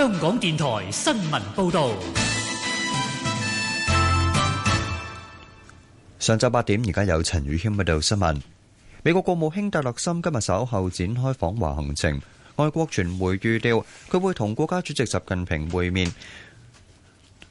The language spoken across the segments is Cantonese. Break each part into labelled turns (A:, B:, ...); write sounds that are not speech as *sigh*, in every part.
A: 香港電台新聞報道：
B: 上晝八點，而家有陳宇謙報道新聞。美國國務卿特勒森今日稍後展開訪華行程。外國傳媒預料佢會同國家主席習近平會面。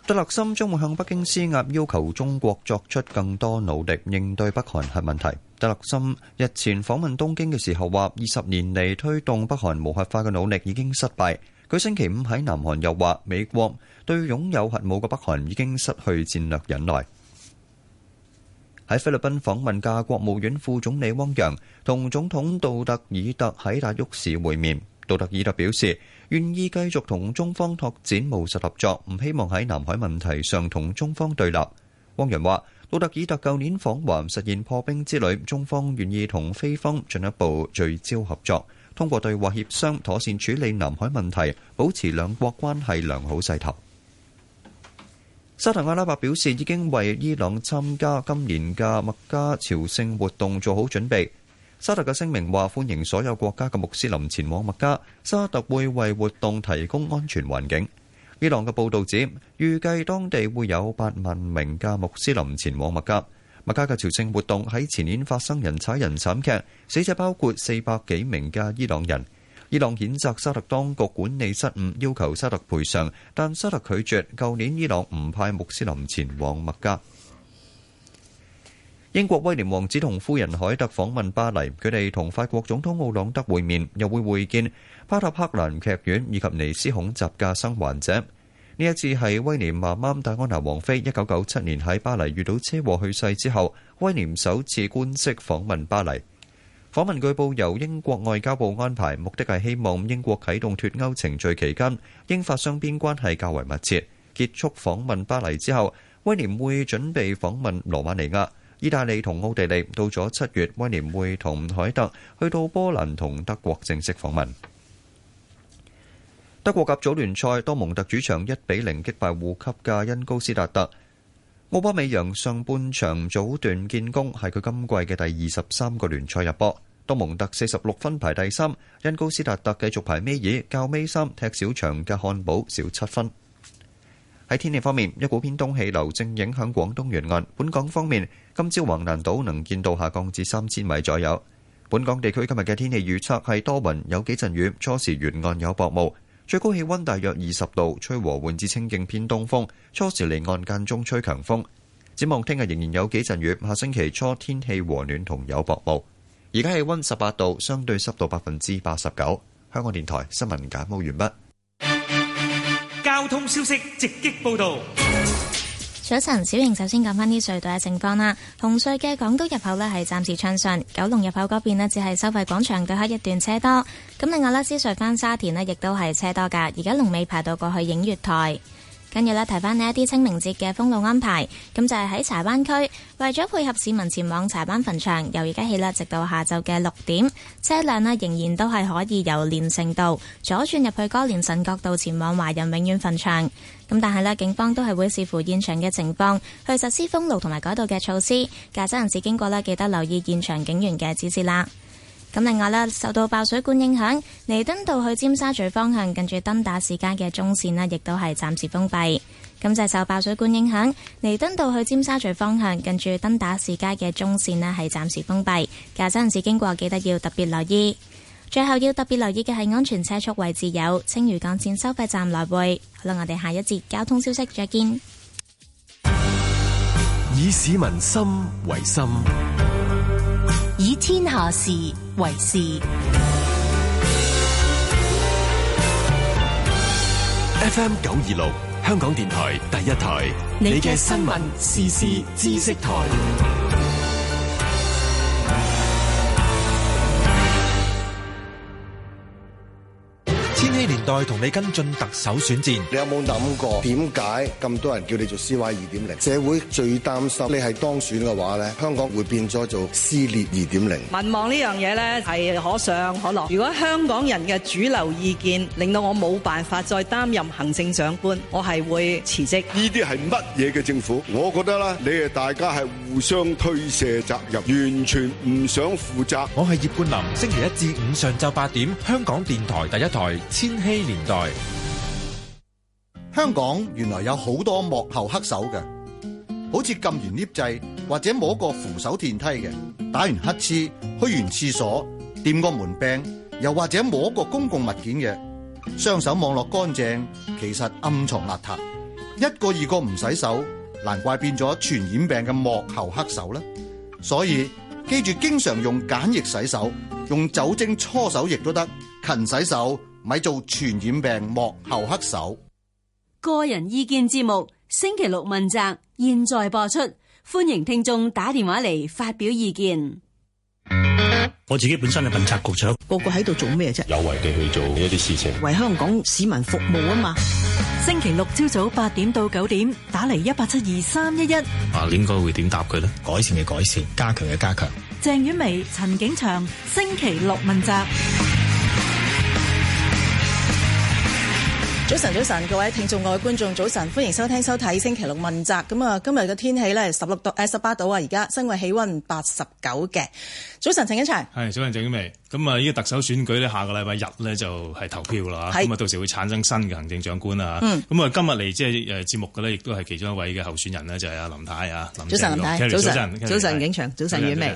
B: 特勒森將會向北京施壓，要求中國作出更多努力應對北韓核問題。特勒森日前訪問東京嘅時候話，二十年嚟推動北韓無核化嘅努力已經失敗。佢星期五喺南韓又話，美國對擁有核武嘅北韓已經失去戰略忍耐。喺菲律賓訪問嘅國務院副總理汪洋同總統杜特爾特喺達沃市會面。杜特爾特表示願意繼續同中方拓展務實合作，唔希望喺南海問題上同中方對立。汪洋話：杜特爾特舊年訪華實現破冰之旅，中方願意同菲方進一步聚焦合作。通過對話協商妥善處理南海問題，保持兩國關係良好勢頭。沙特阿拉伯表示已經為伊朗參加今年嘅麥加朝聖活動做好準備。沙特嘅聲明話歡迎所有國家嘅穆斯林前往麥加，沙特會為活動提供安全環境。伊朗嘅報導指，預計當地會有八萬名嘅穆斯林前往麥加。麥加嘅朝聖活動喺前年發生人踩人慘劇，死者包括四百幾名嘅伊朗人。伊朗譴責沙特當局管理失誤，要求沙特賠償，但沙特拒絕。舊年伊朗唔派穆斯林前往麥加。英國威廉王子同夫人凱特訪問巴黎，佢哋同法國總統奧朗德會面，又會會見巴塔克蘭劇院以及尼斯恐襲嘅生還者。呢一次係威廉媽媽戴安娜王妃，一九九七年喺巴黎遇到車禍去世之後，威廉首次官式訪問巴黎。訪問據報由英國外交部安排，目的係希望英國啟動脱歐程序期間，英法雙邊關係較為密切。結束訪問巴黎之後，威廉會準備訪問羅馬尼亞、意大利同奧地利。到咗七月，威廉會同凱特去到波蘭同德國正式訪問。德國甲組聯賽，多蒙特主場一比零擊敗護級嘅因高斯達特。歐巴美揚上半場早段建功，係佢今季嘅第二十三個聯賽入波。多蒙特四十六分排第三，因高斯達特繼續排尾二，較尾三踢少場嘅漢堡少七分。喺天氣方面，一股偏東氣流正影響廣東沿岸。本港方面，今朝橫瀾島能見度下降至三千米左右。本港地區今日嘅天氣預測係多雲，有幾陣雨，初時沿岸有薄霧。最高氣溫大約二十度，吹和緩至清勁偏東風，初時離岸間中吹強風。展望聽日仍然有幾陣雨，下星期初天氣和暖同有薄霧。而家氣溫十八度，相對濕度百分之八十九。香港電台新聞簡報完
A: 畢。交通消息直擊報導。
C: 早晨，小瑩首先講返啲隧道嘅情況啦。紅隧嘅港島入口呢係暫時暢順，九龍入口嗰邊呢只係收費廣場對開一段車多。咁另外呢，獅隧返沙田呢亦都係車多噶，而家龍尾排到過去映月台。跟住咧，提翻呢一啲清明節嘅封路安排，咁就係喺柴灣區，為咗配合市民前往柴灣墳場，由而家起啦，直到下晝嘅六點，車輛呢仍然都係可以由連城道左轉入去歌連臣角道前往華人永遠墳場。咁但係呢，警方都係會視乎現場嘅情況去實施封路同埋改道嘅措施。駕駛人士經過呢，記得留意現場警員嘅指示啦。咁另外啦，受到爆水管影響，彌敦道去尖沙咀方向近住登打士街嘅中線呢，亦都係暫時封閉，咁就受爆水管影響，彌敦道去尖沙咀方向近住登打士街嘅中線呢係暫時封閉，駕駛人士經過記得要特別留意。最後要特別留意嘅係安全車速位置，有青嶼幹線收費站來回。好啦，我哋下一節交通消息再見。
A: 以市民心為心。
C: 以天下事為事。
A: FM 九二六，香港電台第一台，你嘅新聞時事知識台。再同你跟進特首選戰，你有冇諗過點解咁多人叫你做 CY 二點零？社會最擔心你係當選嘅話咧，香港會變咗做撕裂二點零。
D: 民望呢樣嘢咧，係可上可落。如果香港人嘅主流意見令到我冇辦法再擔任行政長官，我係會辭職。呢
A: 啲係乜嘢嘅政府？
E: 我覺得咧，你哋大家係互相推卸責任，完全唔想負責。我係葉冠霖，星期一至五上晝八點，香港電台第一台千禧
A: 年代香港原來有好多幕後黑手嘅，
B: 好似撳完 𨋢 掣或者摸過扶手電梯嘅，打完乞嗤，去完廁所，掂個門柄，又或者摸過公共物件嘅，雙手望落乾淨，其實暗藏邋遢。一個二個唔洗手，難怪變咗傳染病嘅幕後黑手啦。所以記住，經常用梘液洗手，用酒精搓手液都得，勤洗手。咪做傳染病幕後黑手。
D: 個人意見節目，星期六問責，現在播出，歡迎聽眾打電話嚟發表意見。
B: 我自己本身係問責局長，個個喺度做咩啫？有為地去做一啲事情，
D: 為香港市民服務啊嘛。星期六朝早八點到九點，打嚟一八七二三
F: 一一。啊，應該會點答佢咧？改善嘅改善，加強嘅加強。
D: 鄭婉薇、陳景祥，星期六問責。
G: 早晨，早晨，各位聽眾、各位觀眾，早晨，歡迎收聽、收睇星期六問責。咁啊，今日嘅天氣呢，十六度誒，十八度啊，而家身位氣溫八十九嘅。早晨，鄭景祥。
F: 係，早晨，鄭宇明。咁啊，呢個特首選舉呢，下個禮拜日呢就係投票啦。咁啊，到時會產生新嘅行政長官啊。嗯。咁啊，今日嚟即係誒節目嘅呢，亦都係其中一位嘅候選人呢，就係阿林太啊。早晨，林太。早晨。早晨。早晨，景
D: 祥。早晨，宇明。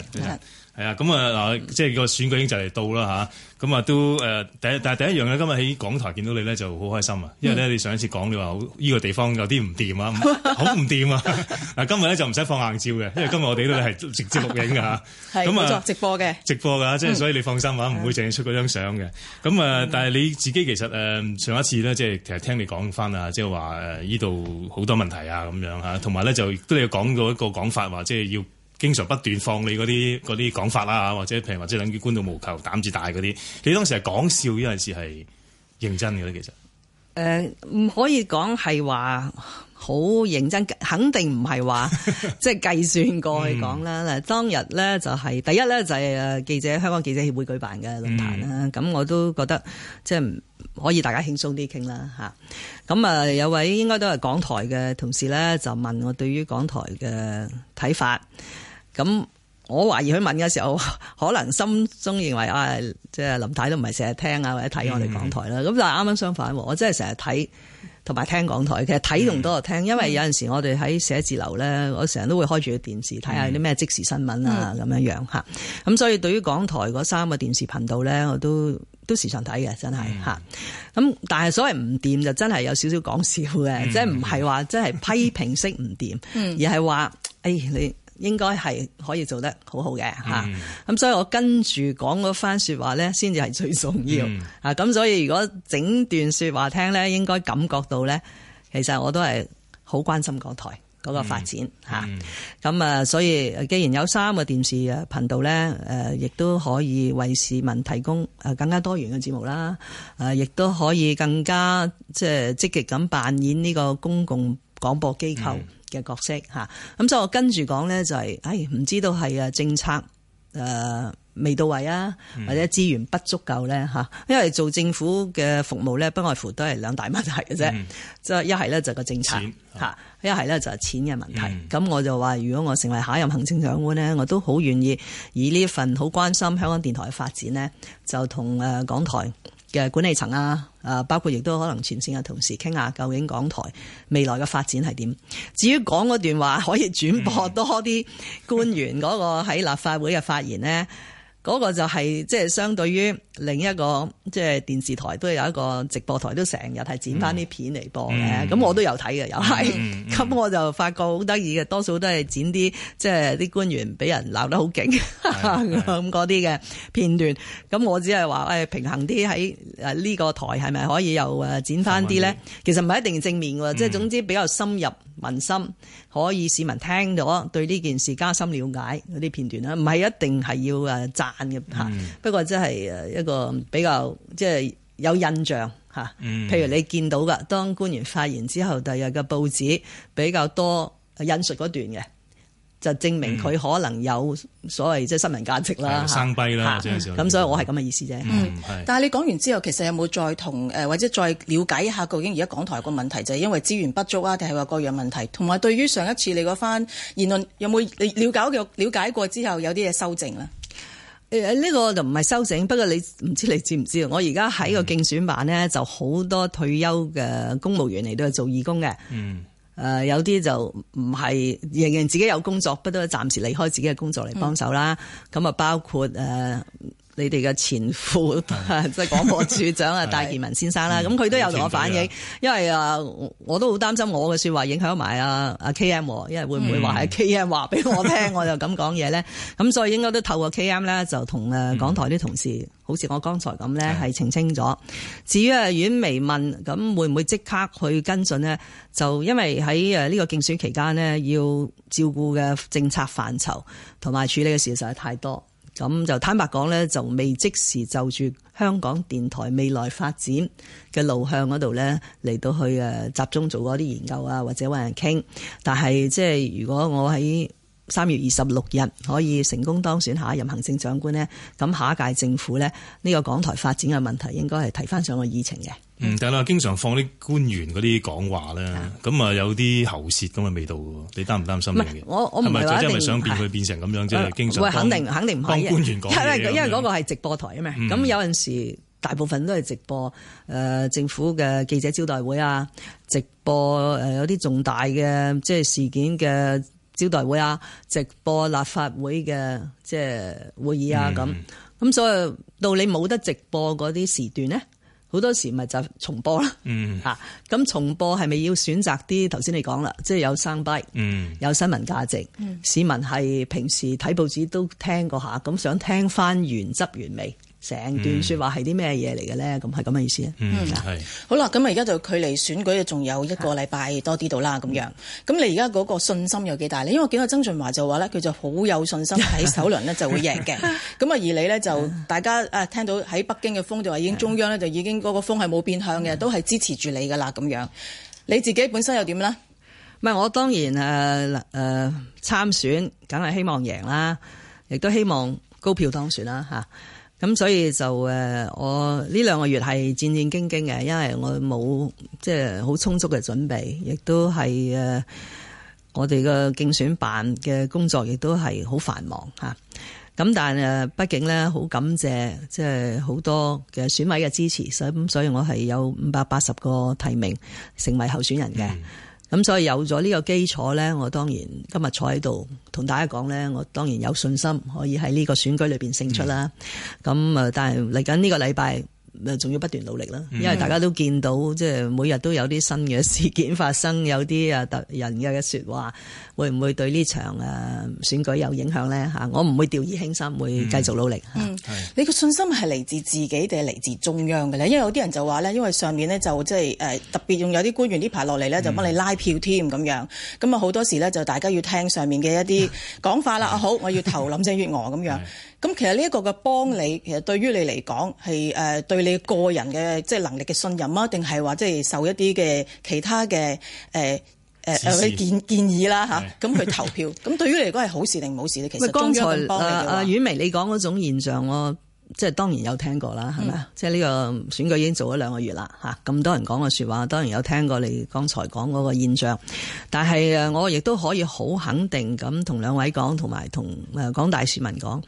F: 係啊，咁啊嗱，即係個選舉已經就嚟到啦吓，咁啊都誒第、呃，但係第一樣咧，今日喺港台見到你咧就好開心啊，因為咧、嗯、你上一次講你話呢個地方有啲唔掂啊，好唔掂啊，嗱 *laughs* 今日咧就唔使放硬照嘅，因為今日我哋咧係直接錄影㗎吓，咁啊，直播直播嘅直播㗎，即係所以你放心話、啊、唔、嗯、會淨係出嗰張相嘅，咁啊、嗯、但係你自己其實誒、呃、上一次咧，即係其實聽你講翻啊，即係話呢度好多問題啊咁樣吓。同埋咧就都你講過一個講法話，即係要。經常不斷放你嗰啲啲講法啦嚇，或者譬如或者等於官到無求、膽子大嗰啲，你當時係講笑呢件事係認真嘅咧？其實誒
D: 唔、呃、可以講係話好認真，肯定唔係話即係計算過去講啦。嗱、嗯，當日咧就係、是、第一咧就係誒記者香港記者協會舉辦嘅論壇啦，咁、嗯、我都覺得即係可以大家輕鬆啲傾啦嚇。咁啊那有位應該都係港台嘅同事咧，就問我對於港台嘅睇法。咁我懷疑佢問嘅時候，可能心中認為啊，即係林太都唔係成日聽啊或者睇我哋港台啦。咁、mm hmm. 但係啱啱相反，我真係成日睇同埋聽港台。其實睇仲多過聽，因為有陣時候我哋喺寫字樓咧，mm hmm. 我成日都會開住個電視睇下啲咩即時新聞啊，咁樣樣吓。咁所以對於港台嗰三個電視頻道咧，我都都時常睇嘅，真係吓。咁、mm hmm. 但係所謂唔掂就真係有少少講笑嘅，mm hmm. 即係唔係話即係批評式唔掂，而係話誒你。應該係可以做得好好嘅嚇，咁、嗯、所以我跟住講嗰番説話先至係最重要啊！咁、嗯、所以如果整段説話聽呢，應該感覺到呢，其實我都係好關心港台嗰個發展嚇。咁、嗯嗯、啊，所以既然有三個電視誒頻道呢，誒亦都可以為市民提供誒更加多元嘅節目啦，誒亦都可以更加即係積極咁扮演呢個公共廣播機構，嗯嘅角色嚇咁，所以我跟住講咧就係、是，唉、哎，唔知道係啊政策誒、呃、未到位啊，或者資源不足夠咧嚇，嗯、因為做政府嘅服務咧，不外乎都係兩大問題嘅啫。即係一係咧就個政策嚇，一係咧就係錢嘅問題。咁、嗯、我就話，如果我成為下一任行政長官咧，我都好願意以呢份好關心香港電台嘅發展咧，就同誒港台。嘅管理層啊，誒包括亦都可能前線嘅同事傾下，究竟港台未來嘅發展係點？至於講嗰段話可以轉播多啲官員嗰個喺立法會嘅發言呢。 *laughs* 嗰個就係即係相對於另一個即係電視台都有一個直播台都成日係剪翻啲片嚟播嘅，咁、嗯嗯、我都有睇嘅，又係，咁、嗯嗯、我就發覺好得意嘅，多數都係剪啲即係啲官員俾人鬧得好勁咁嗰啲嘅片段，咁、嗯嗯、我只係話誒平衡啲喺誒呢個台係咪可以又誒剪翻啲咧？其實唔係一定正面喎，即係、嗯、總之比較深入。民心可以市民聽到對呢件事加深了解嗰啲片段啦，唔係一定係要誒讚嘅吓，嗯、不過真係誒一個比較即係、就是、有印象吓，譬如你見到噶，當官員發言之後第日嘅報紙比較多引述嗰段嘅。就證明佢可能有所謂即係新聞價值啦、嗯，生
G: 低啦，咁所
D: 以我係咁嘅意思啫、嗯的嗯。但係你講完之後，其實有冇再同或者再
G: 了解一下究竟而家港台個問題就係、是、因為資源不足啊，定係話各樣問題？同埋對於上一次你嗰番言論，有冇了解嘅解過之後，有啲嘢修正啦
D: 呢、嗯嗯、個就唔係修正，不過你唔知你知唔知我而家喺個競選版呢，嗯、就好多退休嘅公務員嚟到做義工嘅。嗯。誒，有啲就唔係，仍然自己有工作，不過暫時離開自己嘅工作嚟幫手啦。咁啊，包括誒，你哋嘅前副即係廣播處長啊，戴建文先生啦，咁佢都有同我反映，因為啊，我都好擔心我嘅說話影響埋啊阿 K M，因為會唔會話係 K M 話俾我聽， *laughs* 我就咁講嘢咧？咁所以應該都透過 K M 咧，就同誒港台啲同事，好似我剛才咁咧，係澄清咗。至於啊阮微問，咁會唔會即刻去跟進咧？就因為喺誒呢個競選期間咧，要照顧嘅政策範疇同埋處理嘅事，實在太多。咁就坦白講咧，就未即時就住香港電台未來發展嘅路向嗰度咧，嚟到去誒集中做嗰啲研究啊，或者搵人傾。但係即係如果我喺三月二十六日可以成功當選下一任行政長官呢。咁下一屆政府呢，呢、這個港台發展嘅問題應該係提翻上個議程嘅。嗯，
F: 但係你經常放啲官員嗰啲講話咧，咁啊的有啲喉舌咁嘅味道喎，你擔唔擔心？我我唔係話一想變佢變成咁樣即係的經常？唔係肯定肯定唔可以，官員因為因為嗰個係
D: 直播台啊嘛。咁、嗯、有陣時大部分都係直播誒、呃、政府嘅記者招待會啊，直播誒有啲重大嘅即係事件嘅。招待會啊，直播立法會嘅即係會議啊，咁咁、嗯、所以到你冇得直播嗰啲時段咧，好多時咪就重播囉。嗯，吓咁、啊、重播係咪要選擇啲，頭先你講啦，即係有生逼，嗯，有新聞價值，嗯、市民係平時睇報紙都聽過下，咁想聽翻原汁原味。成段說話係啲咩嘢嚟嘅咧？咁係咁嘅意思啊？嗯，
G: 嗯，好啦。咁啊，而家就距離選舉仲有一個禮拜多啲到啦。咁樣咁，你而家嗰個信心有幾大咧？因為我見到曾俊華就話咧，佢就好有信心喺 *laughs* 首輪呢就會贏嘅。咁啊，而你咧就的大家啊，聽到喺北京嘅風就話已經中央咧就已經嗰個風係冇變向嘅，的都
D: 係支持住你噶啦。咁樣你自己本身又點啦？唔係我當然誒誒、呃呃、參選，梗係希望贏啦，亦都希望高票當選啦、啊咁所以就誒我呢兩個月係戰戰兢兢嘅，因為我冇即係好充足嘅準備，亦都係誒我哋嘅競選辦嘅工作亦都係好繁忙吓，咁但係誒畢竟咧好感謝即係好多嘅選委嘅支持，所以咁所以我係有五百八十個提名成為候選人嘅。嗯咁所以有咗呢個基礎咧，我當然今日坐喺度同大家講咧，我當然有信心可以喺呢個選舉裏邊勝出啦。咁是的 但係嚟緊呢個禮拜，仲要不斷努力啦，因為大家都見到即係每日都有啲新嘅事件發生，有啲啊特人嘅說話，會唔會對呢場誒選舉有影響呢？我唔會掉以輕心，會繼續努力嚇。嗯、是你個信心係嚟自自己定係嚟自中央嘅咧？因為有啲人就話咧，因為上面呢，
G: 就即係誒特別用有啲官員呢排落嚟咧，就幫你拉票添咁、嗯、樣。咁啊好多時咧就大家要聽上面嘅一啲講法啦。 *laughs* 啊好，我要投林鄭月娥咁樣。 *laughs* 嗯咁其實呢一個嘅幫你，其實對於你嚟講係誒對你個人嘅即係能力嘅信任啊，定係話即係受一啲嘅其他嘅誒誒誒建建議啦嚇咁的去投票。咁 *laughs* 對於你嚟講係好事定唔好事其實幫你剛才阿阿
D: 婉薇你講嗰種現象，嗯、我即係當然有聽過啦，係咪？嗯、即係呢個選舉已經做咗兩個月啦嚇，咁多人講嘅說話，當然有聽過你剛才講嗰個現象。但係誒，我亦都可以好肯定咁同兩位講，同埋同誒廣大市民講。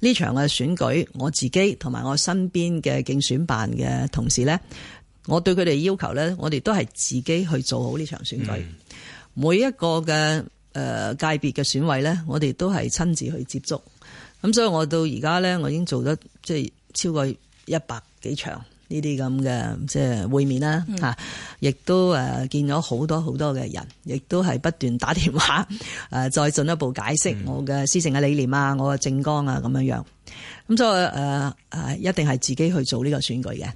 D: 呢場嘅選舉，我自己同埋我身邊嘅競選辦嘅同事咧，我對佢哋要求咧，我哋都係自己去做好呢場選舉。每一個嘅誒、呃、界別嘅選委咧，我哋都係親自去接觸。咁所以我到而家咧，我已經做咗即係超過一百幾場。呢啲咁嘅即係會面啦，吓、亦、嗯、都誒見咗好多好多嘅人，亦都係不斷打電話誒，再進一步解釋我嘅施政嘅理念啊，嗯、我嘅政綱啊咁樣樣。咁所以誒誒、呃，一定係自己去做呢個選舉嘅。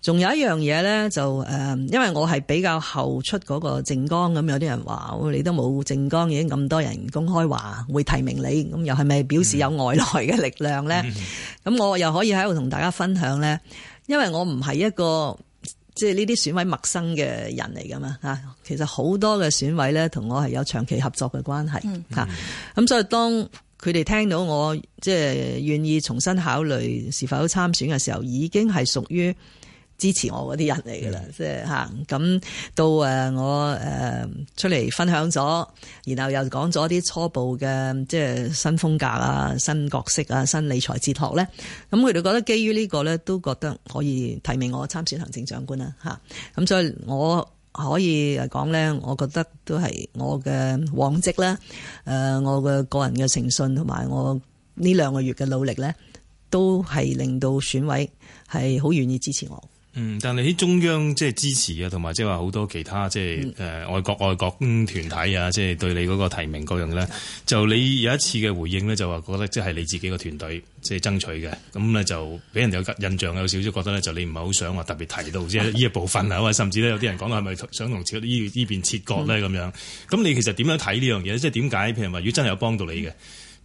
D: 仲有一樣嘢咧，就誒、呃，因為我係比較後出嗰個政綱，咁有啲人話、哦，你都冇政綱，已經咁多人公開話會提名你，咁又係咪表示有外來嘅力量咧？咁、嗯、我又可以喺度同大家分享咧。因為我唔係一個即係呢啲選委陌生嘅人嚟噶嘛吓，其實好多嘅選委咧同我係有長期合作嘅關係吓，咁、嗯、所以當佢哋聽到我即係願意重新考慮是否參選嘅時候，已經係屬於。支持我嗰啲人嚟噶啦，即係吓咁到誒，我誒出嚟分享咗，然後又講咗啲初步嘅即係新風格啊、新角色啊、新理財哲學咧。咁佢哋覺得基於呢個咧，都覺得可以提名我參選行政長官啦吓。咁所以我可以講咧，我覺得都係我嘅往績啦。誒，我嘅個人嘅誠信同埋我呢兩個月嘅努力咧，都係令到選委係好願意支持我。
F: 嗯，但係喺中央即係支持啊，同埋即係話好多其他即係誒外國外國團體啊，即係對你嗰個提名嗰樣咧，就你有一次嘅回應咧，就話覺得即係你自己個團隊即係爭取嘅，咁咧就俾人有印象有少少覺得咧，就你唔係好想話特別提到即係呢一部分啊，或者 *laughs* 甚至咧有啲人講到係咪想同呢依邊切割咧咁、嗯、樣？咁你其實點樣睇呢樣嘢，即係點解譬如話，如果真係有幫到你嘅，嗯、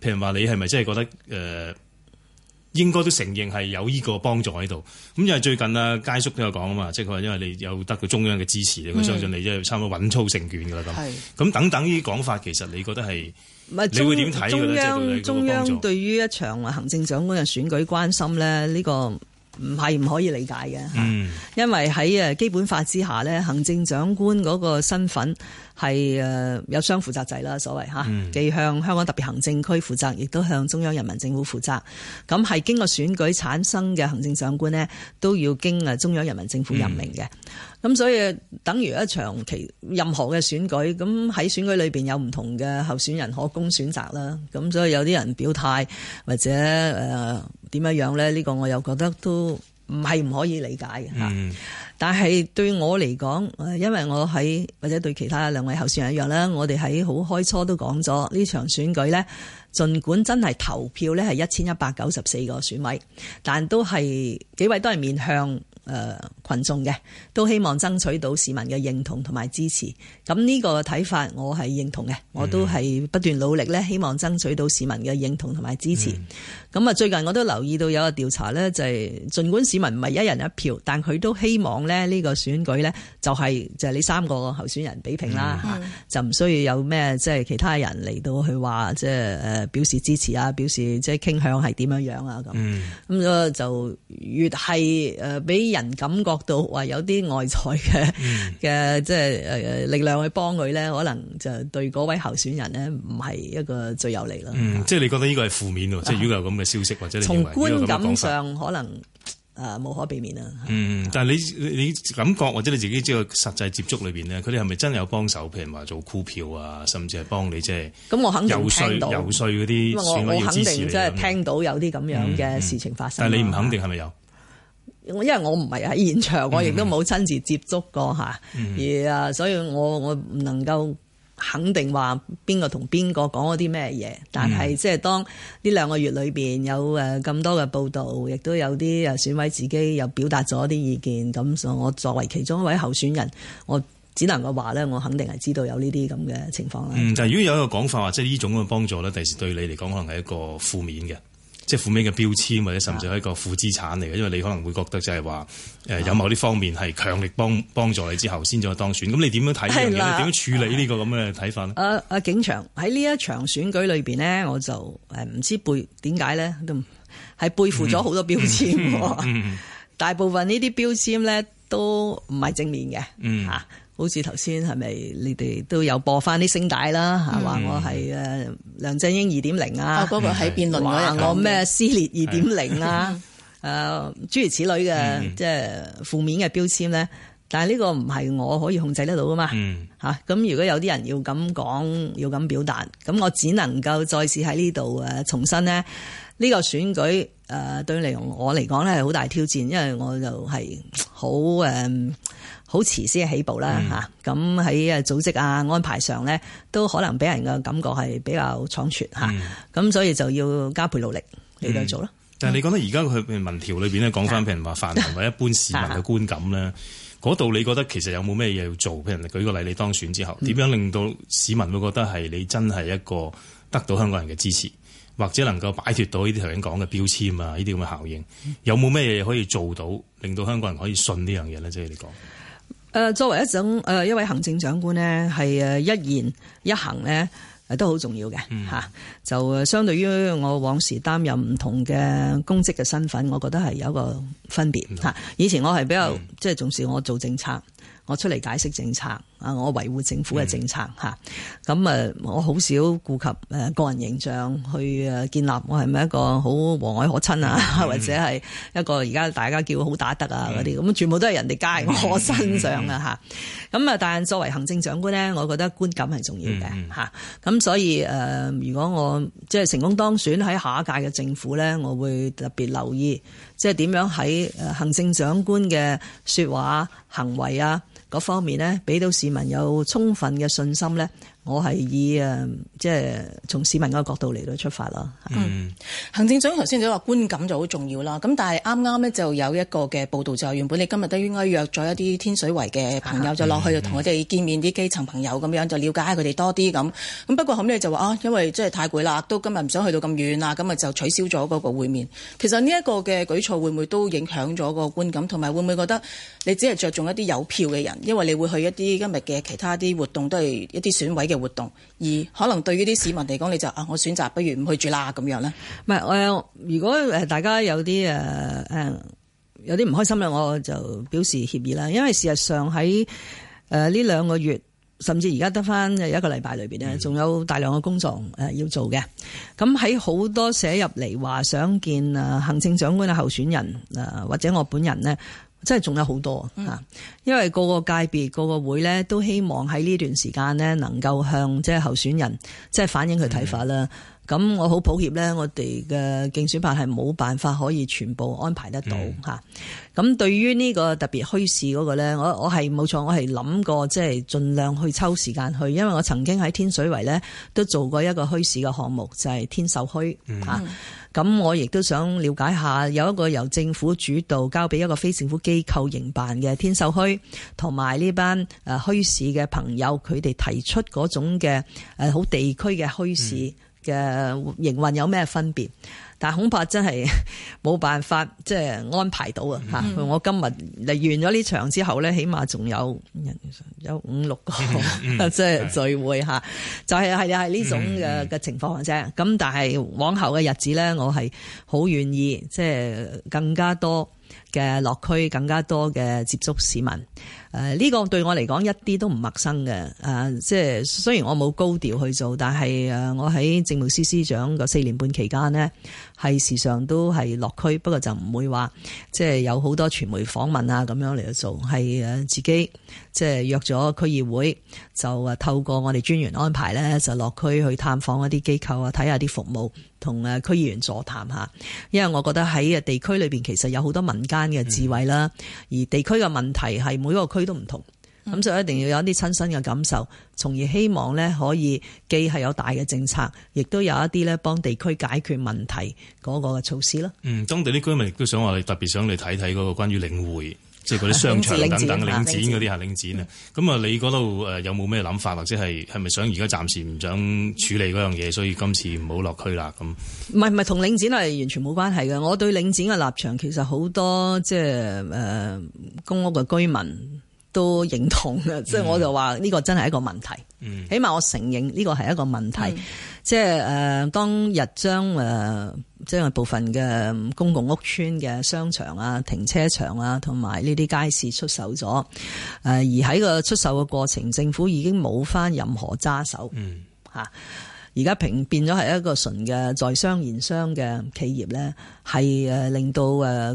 F: 譬如話你係咪真係覺得誒？呃應該都承認係有呢個幫助喺度，咁因為最近啊，佳叔都有講啊嘛，即係佢話因為你有得到中央嘅支持，佢、嗯、相信你即係差唔多穩操勝券噶啦咁。咁是等等呢啲講法，其實你覺得係唔係中你會點睇？中央中央
D: 對於一場行政長官嘅選舉關心咧，呢、呢個唔係唔可以理解嘅。嗯，因為喺誒基本法之下咧，行政長官嗰個身份。係誒有雙負責制啦，所謂吓既向香港特別行政區負責，亦都向中央人民政府負責。咁係經過選舉產生嘅行政長官呢，都要經誒中央人民政府任命嘅。咁、嗯、所以等於一場期，任何嘅選舉，咁喺選舉裏邊有唔同嘅候選人可供選擇啦。咁所以有啲人表態或者誒點、呃、樣樣咧？呢、呢個我又覺得都。唔係唔可以理解嘅吓，嗯、但係對我嚟講，誒，因為我喺或者對其他兩位候選人一樣啦，我哋喺好開初都講咗呢場選舉呢，盡管真係投票呢係一千一百九十四個選委，但都係幾位都係面向誒。呃群眾嘅都希望爭取到市民嘅認同同埋支持，咁呢個睇法我係認同嘅，嗯、我都係不斷努力咧，希望爭取到市民嘅認同同埋支持。咁啊、嗯，最近我都留意到有個調查咧，就係、是、儘管市民唔係一人一票，但佢都希望咧呢個選舉咧就係就係呢三個候選人比拼啦，嗯、就唔需要有咩即係其他人嚟到去話即係誒表示支持啊，表示即係傾向係點樣樣啊咁。咁啊、嗯、就越係誒俾人感覺。到話有啲外財嘅嘅即係誒力量去幫佢咧，嗯、可能就對嗰位候選人咧唔係一個最有利啦、嗯。
F: 即係你覺得呢個係負面喎，嗯、即係如果有咁嘅消息、嗯、或者你從觀感上
D: 可能誒無可避免啊。
F: 但係你你，你感覺或者你自己知道實際接觸裏邊呢，佢哋係咪真係有幫手？譬如話做股票啊，甚至係幫你
D: 即係遊説遊
F: 説嗰啲選委啲，我我肯定即係聽
D: 到有啲咁樣嘅事
F: 情發生。嗯嗯嗯、但係你唔肯定係咪有？
D: 我因為我唔係喺現場，我亦都冇親自接觸過嚇，嗯、而啊，所以我我唔能夠肯定話邊個同邊個講咗啲咩嘢。但係即係當呢兩個月裏邊有誒咁多嘅報導，亦都有啲誒選委自己又表達咗啲意見。咁所以我作為其中一位候選人，我只能夠話咧，我肯定係知道有呢啲咁嘅情況啦。嗯，
F: 但係如果有一個講法話即係呢種嘅幫助咧，第時對你嚟講可能係一個負面嘅。即係負面嘅標籤，或者甚至係一個負資產嚟嘅，因為你可能會覺得就係話誒有某啲方面係強力幫幫助你之後先再當選。咁、嗯、你點樣睇呢樣嘢？點、嗯、樣處理這個這樣呢個咁嘅睇法咧？
D: 阿阿景祥，喺呢一場選舉裏邊呢，我就誒唔知背點解咧，都係背負咗好多標籤。嗯嗯嗯、 *laughs* 大部分呢啲標籤咧都唔係正面嘅。嗯嚇。啊好似頭先係咪你哋都有播翻啲聲帶啦？嚇話我係誒梁振英二點零啊！嗰個喺辯論嗰日話我咩撕裂二點零啊？誒諸如此類嘅、嗯、即係負面嘅標籤咧。但係呢個唔係我可以控制得到噶嘛咁、嗯啊、如果有啲人要咁講，要咁表達，咁我只能夠再次喺呢度誒重申呢呢個選舉誒對嚟我嚟講咧係好大挑戰，因為我就係好誒。嗯好遲先起步啦嚇，咁喺啊組織啊安排上咧，都可能俾人嘅感覺係比較倉促嚇，咁、嗯、所以就要加倍努力，嗯、做你都做咯。
F: 但係你覺得而家佢民調裏邊咧講翻，譬如話泛民或一般市民嘅觀感咧，嗰度、 *laughs* 啊、你覺得其實有冇咩嘢要做？譬如舉個例，你當選之後點樣令到市民會覺得係你真係一個得到香港人嘅支持，或者能夠擺脱到呢啲頭先講嘅標籤啊，呢啲咁嘅效應，有冇咩嘢可以做到，令到香港人可以信這件事呢樣嘢咧？即、就、係、是、你講。
D: 誒作為一種誒一位行政長官咧，係誒一言一行咧誒都好重要嘅、嗯、就誒相對於我往時擔任唔同嘅公職嘅身份，我覺得係有一個分別、嗯、以前我係比較、嗯、即係重視我做政策，我出嚟解釋政策。啊！我維護政府嘅政策嚇咁啊，嗯、我好少顧及誒個人形象去誒建立我係咪一個好和藹可親啊，嗯、或者係一個而家大家叫好打得啊嗰啲，咁、嗯、全部都係人哋加喺我身上啊嚇咁啊，嗯、但係作為行政長官咧，我覺得觀感係重要嘅嚇咁、嗯啊、所以誒、呃，如果我即係成功當選喺下一屆嘅政府咧，我會特別留意即係點樣喺行政長官嘅說話行為啊。嗰方面咧，俾到市民有充分嘅信心咧。我係以誒、呃，即係從市民嗰個角度嚟到出發咯。嗯，是行政長官頭先你話觀感就好重
G: 要啦。咁但係啱啱呢，就有一個嘅報道就係、是、原本你今日都應該約咗一啲天水圍嘅朋友就落去，就同佢哋見面啲基層朋友咁樣就了解下佢哋多啲咁。咁、啊嗯、不過後尾就話啊，因為真係太攰啦，都今日唔想去到咁遠啊，咁咪就取消咗嗰個會面。其實呢一個嘅舉措會唔會都影響咗個觀感，同埋會唔會覺得你只係着重一啲有票嘅人，因為你會去一啲今日嘅其他啲活動都係一啲選委嘅。活動而可能對於
D: 啲市民嚟講，你就啊，我選擇不如唔去住啦咁樣咧。唔係誒，如果誒大家有啲誒誒有啲唔開心嘅，我就表示歉意啦。因為事實上喺誒呢兩個月，甚至而家得翻一個禮拜裏邊咧，仲有大量嘅工作誒要做嘅。咁喺好多寫入嚟話想見啊行政長官嘅候選人啊或者我本人呢。真係仲有好多啊，因為個個界別、個個會呢，都希望喺呢段時間呢，能夠向即係候選人即係反映佢睇法啦。嗯咁我好抱歉呢，我哋嘅競選辦係冇辦法可以全部安排得到吓。咁、嗯、對於呢個特別墟市嗰個呢，我我係冇錯，我係諗過即係盡量去抽時間去，因為我曾經喺天水圍呢都做過一個墟市嘅項目，就係、是、天秀墟吓。咁、嗯啊、我亦都想了解下有一個由政府主導交俾一個非政府機構營辦嘅天秀墟，同埋呢班誒墟市嘅朋友，佢哋提出嗰種嘅誒好地區嘅墟市。嗯嘅營運有咩分別？但恐怕真係冇辦法即係、就是、安排到啊！嗯、我今日嚟完咗呢場之後咧，起碼仲有人有五六個即係、嗯嗯、聚會下就係係係呢種嘅嘅情況嘅啫。咁、嗯嗯、但係往後嘅日子咧，我係好願意即係、就是、更加多嘅落區，更加多嘅接觸市民。誒呢、啊呢個對我嚟講一啲都唔陌生嘅，即、啊、係雖然我冇高調去做，但係我喺政務司司長個四年半期間咧，係時常都係落區，不過就唔會話即係有好多傳媒訪問啊咁樣嚟去做，係自己即係約咗區議會，就啊透過我哋專員安排咧，就落區去探訪一啲機構啊，睇下啲服務同誒區議員座談下，因為我覺得喺地區裏邊其實有好多民間嘅智慧啦，嗯、而地區嘅問題係每個區。都唔同，咁所以一定要有一啲親身嘅感受，從而希望咧可以既係有大嘅政策，亦都有一啲咧幫地區解決問題嗰個嘅措施咯。嗯，
F: 當地啲居民亦都想話，你特別想嚟睇睇嗰個關於領匯，即係嗰啲商場等等領展，領展，領展嗰啲吓領展啊。咁啊治，咁你嗰度誒有冇咩諗法，或者係係咪想而家暫時唔想處理嗰樣嘢，所以今次唔好落區啦咁？
D: 唔係唔係，同領展係完全冇關係嘅。我對領展嘅立場，其實好多即係誒公屋嘅居民。都認同嘅，即係、嗯、我就話呢個真係一個問題。嗯、起碼我承認呢個係一個問題。嗯、即係誒，當日將誒即係部分嘅公共屋邨嘅商場啊、停車場啊，同埋呢啲街市出售咗。誒而喺個出售嘅過程，政府已經冇翻任何揸手。嗯，而家平變咗係一個純嘅在商言商嘅企業咧，係令到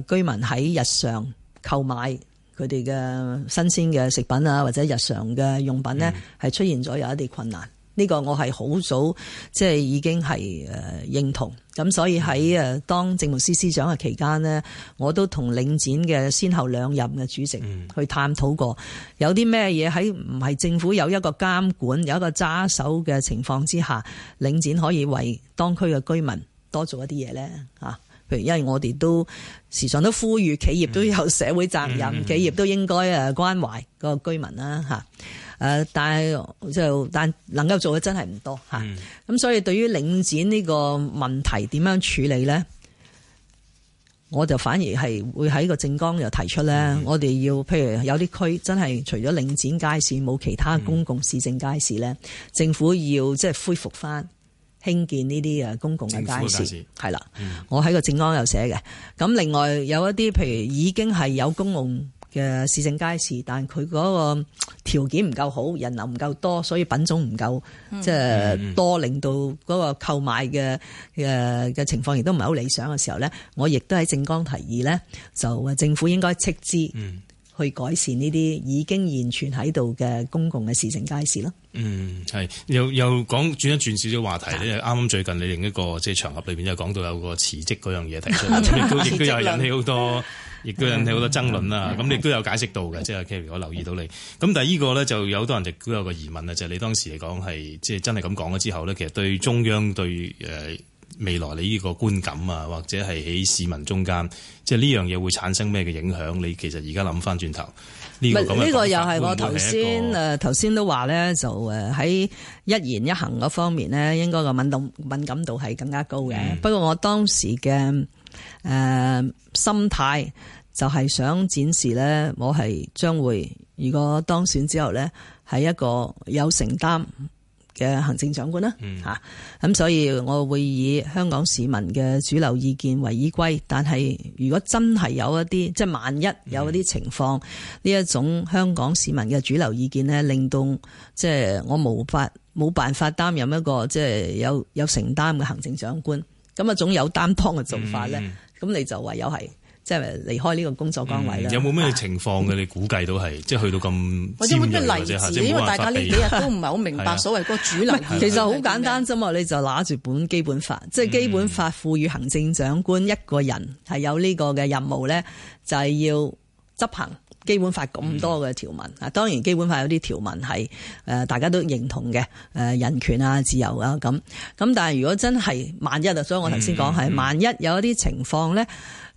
D: 居民喺日常購買佢哋嘅新鮮嘅食品啊，或者日常嘅用品呢，係、嗯、出現咗有一啲困難。呢、呢個我係好早即係已經係誒認同。咁所以喺誒當政務司司長嘅期間呢，我都同領展嘅先後兩任嘅主席去探討過，嗯、有啲咩嘢喺唔係政府有一個監管、有一個揸手嘅情況之下，領展可以為當區嘅居民多做一啲嘢呢？啊！譬如，因為我哋都時常都呼籲企業都有社會責任，嗯嗯嗯、企業都應該誒關懷個居民啦、啊、但係就但能夠做嘅真係唔多咁、啊嗯、所以對於領展呢個問題點樣處理咧，我就反而係會喺個政綱又提出咧，嗯、我哋要譬如有啲區真係除咗領展街市冇其他公共市政街市咧，嗯、政府要即係恢復翻。興建呢啲公共嘅街市係啦，我喺個政綱又寫嘅。咁另外有一啲，譬如已經係有公共嘅市政街市，但佢嗰個條件唔夠好，人流唔夠多，所以品種唔夠即係多，嗯、令到嗰個購買嘅嘅情況亦都唔係好理想嘅時候咧，我亦都喺政綱提議咧，就政府應該斥資。嗯去改善呢啲已經完全喺度嘅公共嘅事情街事咯。嗯，
F: 係又又講轉一轉少少話題咧，啱啱的最近你另一個即係場合裏面有講到有個辭職嗰樣嘢提亦都亦都有引起好多，亦都引起好多爭論啦。咁你都有解釋到嘅，即係 k e r 我留意到你。咁的但係依個咧就有好多人亦都有個疑問咧，就係、是、你當時嚟講係即係真係咁講咗之後咧，其實對中央對誒。呃未來你呢個觀感啊，或者係喺市民中間，即係呢樣嘢會產生咩嘅影響？你其實而家諗翻轉頭，呢、這個呢米、這個又係我頭先
D: 誒頭先都話咧，就誒喺一言一行嗰方面咧，應該個敏動敏感度係更加高嘅。嗯、不過我當時嘅誒、呃、心態就係想展示咧，我係將會如果當選之後咧，係一個有承擔。嘅行政長官啦，咁、嗯啊、所以我會以香港市民嘅主流意見為依歸，但係如果真係有一啲，即係萬一有一啲情況呢，一種香港市民嘅主流意見呢，令到即係、就是、我無法冇辦法擔任一個即係、就是、有有承擔嘅行政長官，咁一種有擔當嘅做法咧，咁、嗯嗯、你就唯有係。即係離開呢個工作崗位啦、嗯。有冇
F: 咩情況嘅？啊、你估計都係即係去到咁。或者冇咩例子，因為大家呢幾日都唔係好明白所謂
D: 嗰個主流。其實好簡單啫嘛，你就拿住本基本法，即係基本法賦予行政長官一個人係有呢個嘅任務咧，嗯、就係要執行基本法咁多嘅條文。啊、嗯，當然基本法有啲條文係誒、呃、大家都認同嘅，誒、呃、人權啊、自由啊咁。咁但係如果真係萬一啊，所以我頭先講係萬一有一啲情況咧。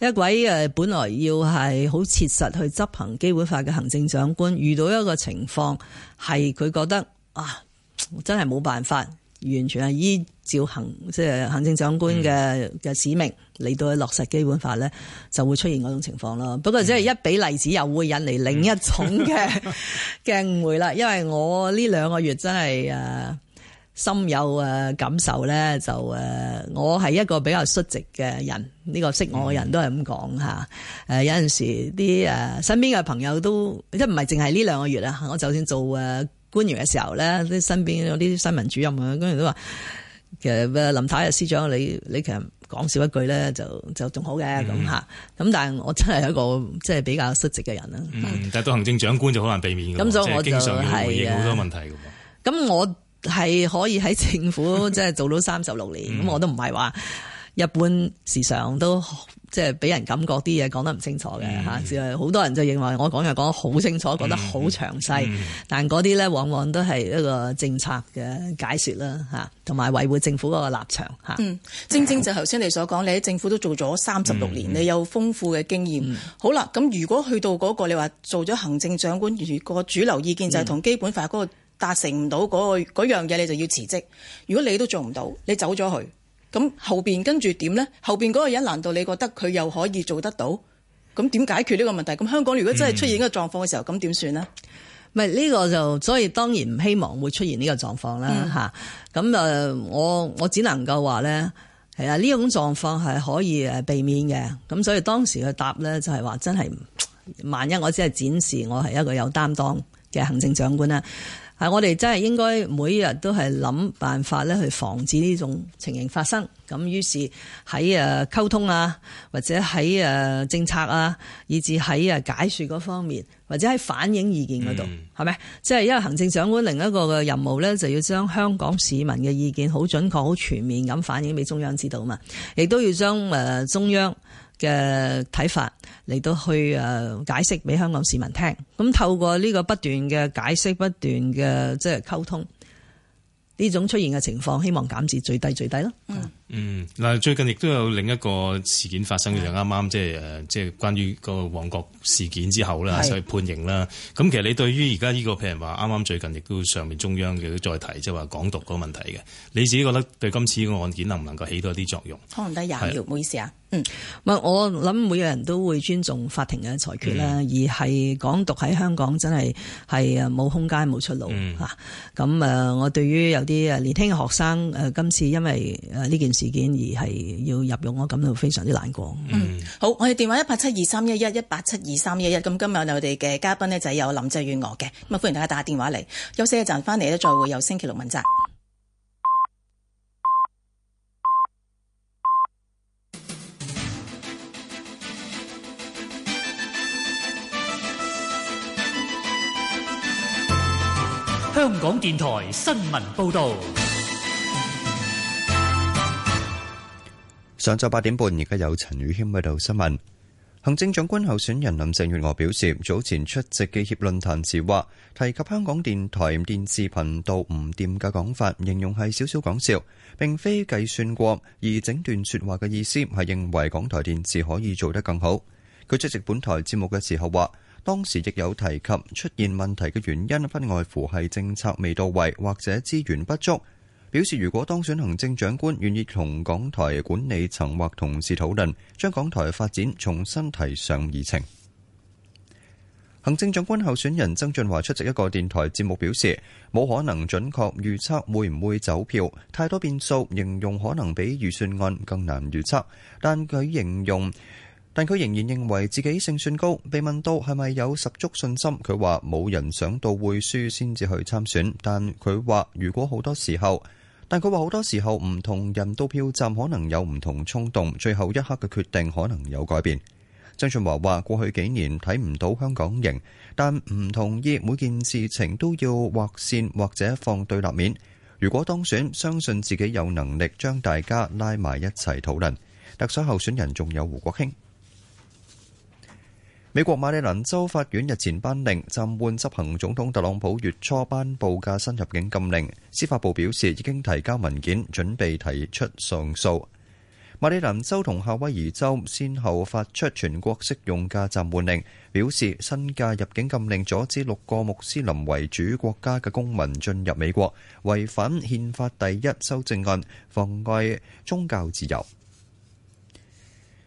D: 一位誒，本來要係好切實去執行基本法嘅行政長官，遇到一個情況係佢覺得啊，真係冇辦法，完全係依照行即係行政長官嘅嘅使命嚟到去落實基本法咧，就會出現嗰種情況咯。不過，即係一比例子，又會引嚟另一種嘅嘅誤會啦。 *laughs* *laughs* 因為我呢兩個月真係誒。心有感受咧，就誒，我係一個比較率直嘅人，呢個識我嘅人都係咁講吓。誒，有陣時啲誒身邊嘅朋友都，即唔係淨係呢兩個月啊。我就算做誒官員嘅時候咧，啲身邊嗰啲新聞主任啊，跟住都話，其實林太啊，司長你你其實講少一句咧，就就仲好嘅咁吓。咁但係我真係一個即係比較率直嘅人啦。嗯，
F: 但係到行政長官就好難避免，即我經常要回應好多問
D: 題噶，咁我。係可以喺政府即係做到三十六年，咁、 *laughs* 嗯、我都唔係話一般時常都即係俾人感覺啲嘢講得唔清楚嘅吓，嗯、只係好多人就認為我講嘢講得好清楚，講、嗯、得好詳細，嗯、但嗰啲咧往往都係一個政策嘅解說啦吓，同埋維護政府嗰個立場吓。嗯，嗯正正就頭先你所講，你喺政府都做咗三十六年，嗯、你有
G: 豐富嘅經驗。嗯、好啦，咁如果去到嗰、嗰個你話做咗行政長官，如果主流意見就係同基本法嗰、嗰個。達成唔到嗰樣嘢，你就要辭職。如果你都做唔到，你走咗去，咁後邊跟住點呢？後邊嗰個人，難道你覺得佢又可以做
D: 得到？咁點解決呢個問題？咁香港如果真係出現呢個狀況嘅時候，咁點算呢？咪係呢個就，所以當然唔希望會出現呢個狀況啦。吓、嗯，咁誒、啊，我我只能夠話呢，係啊，呢種狀況係可以誒避免嘅。咁所以當時佢答呢，就係、是、話真係，萬一我只係展示我係一個有擔當嘅行政長官啦。係我哋真係應該每日都係諗辦法咧，去防止呢種情形發生。咁於是喺誒溝通啊，或者喺誒政策啊，以至喺誒解說嗰方面，或者喺反映意見嗰度，係咪、嗯？即係、就是、因為行政長官另一個嘅任務咧，就要將香港市民嘅意見好準確、好全面咁反映俾中央知道嘛。亦都要將誒中央。嘅睇法嚟到去誒解釋俾香港市民聽，咁透過呢個不斷嘅解釋，不斷嘅即係溝通，呢種出現嘅情況，希望減至最低最低咯。嗯。
F: 嗯，嗱，最近亦都有另一個事件發生嘅，嗯、剛剛就啱啱即係誒，即係關於個旺角事件之後啦，所以是判刑啦。咁其實你對於而家呢個譬如話啱啱最近亦都上面中央嘅都再提，即係話港獨個問題嘅，你自己覺得對今次這個案件能唔能夠起到一啲作用？
D: 可能得廿條，唔是好意思啊。嗯，唔，我諗每個人都會尊重法庭嘅裁決啦，嗯、而係港獨喺香港真係係誒冇空間、冇出路嚇。咁誒、嗯啊，我對於有啲誒年輕嘅學生誒，今次因為誒呢件事。事件而係要入用我感到非常之難過。嗯，好，我
G: 哋電話一八七二三一一一八七二三一一，咁今日我哋嘅嘉賓呢，就有林鄭月娥嘅，咁啊歡迎大家打電話嚟。休息一陣翻嚟呢，再會。有星期六問責。
A: 香港電台新聞報道。
B: 上晝八點半，而家有陳宇軒喺度新聞。行政長官候選人林鄭月娥表示，早前出席嘅協論壇時話，提及香港電台電視頻道唔掂嘅講法，形容係少少講笑，並非計算過。而整段說話嘅意思係認為港台電視可以做得更好。佢出席本台節目嘅時候話，當時亦有提及出現問題嘅原因，不外乎係政策未到位或者資源不足。表示如果當選行政長官，願意同港台管理層或同事討論，將港台發展重新提上議程。行政長官候選人曾俊華出席一個電台節目，表示冇可能準確預測會唔會走票，太多變數。形容可能比預算案更難預測。但佢形容，但佢仍然認為自己勝算高。被問到係咪有十足信心，佢話冇人想到會輸先至去參選。但佢話如果好多時候。但佢話好多時候唔同人到票站可能有唔同衝動，最後一刻嘅決定可能有改變。張俊華話過去幾年睇唔到香港贏，但唔同意每件事情都要劃線或者放對立面。如果當選相信自己有能力將大家拉埋一齊討論，特首候選人仲有胡國興。美國馬里蘭州法院日前頒令暫緩執行總統特朗普月初頒布嘅新入境禁令，司法部表示已經提交文件準備提出上訴。馬里蘭州同夏威夷州先後發出全國適用嘅暫緩令，表示新嘅入境禁令阻止六個穆斯林為主國家嘅公民進入美國，違反憲法第一修正案，妨礙宗教自由。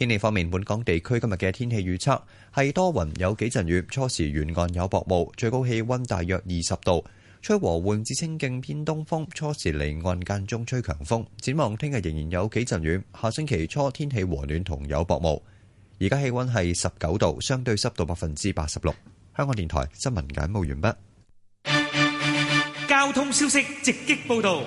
B: 天氣方面，本港地區今日嘅天氣預測係多雲有幾陣雨，初時沿岸有薄霧，最高氣溫大約二十度，吹和緩至清勁偏東風，初時離岸間中吹強風。展望聽日仍然有幾陣雨，下星期初天氣和暖同有薄霧。而家氣溫係十九度，相對濕度百分之八十六。香港電台新
A: 聞簡報完畢。交通消息直擊報道。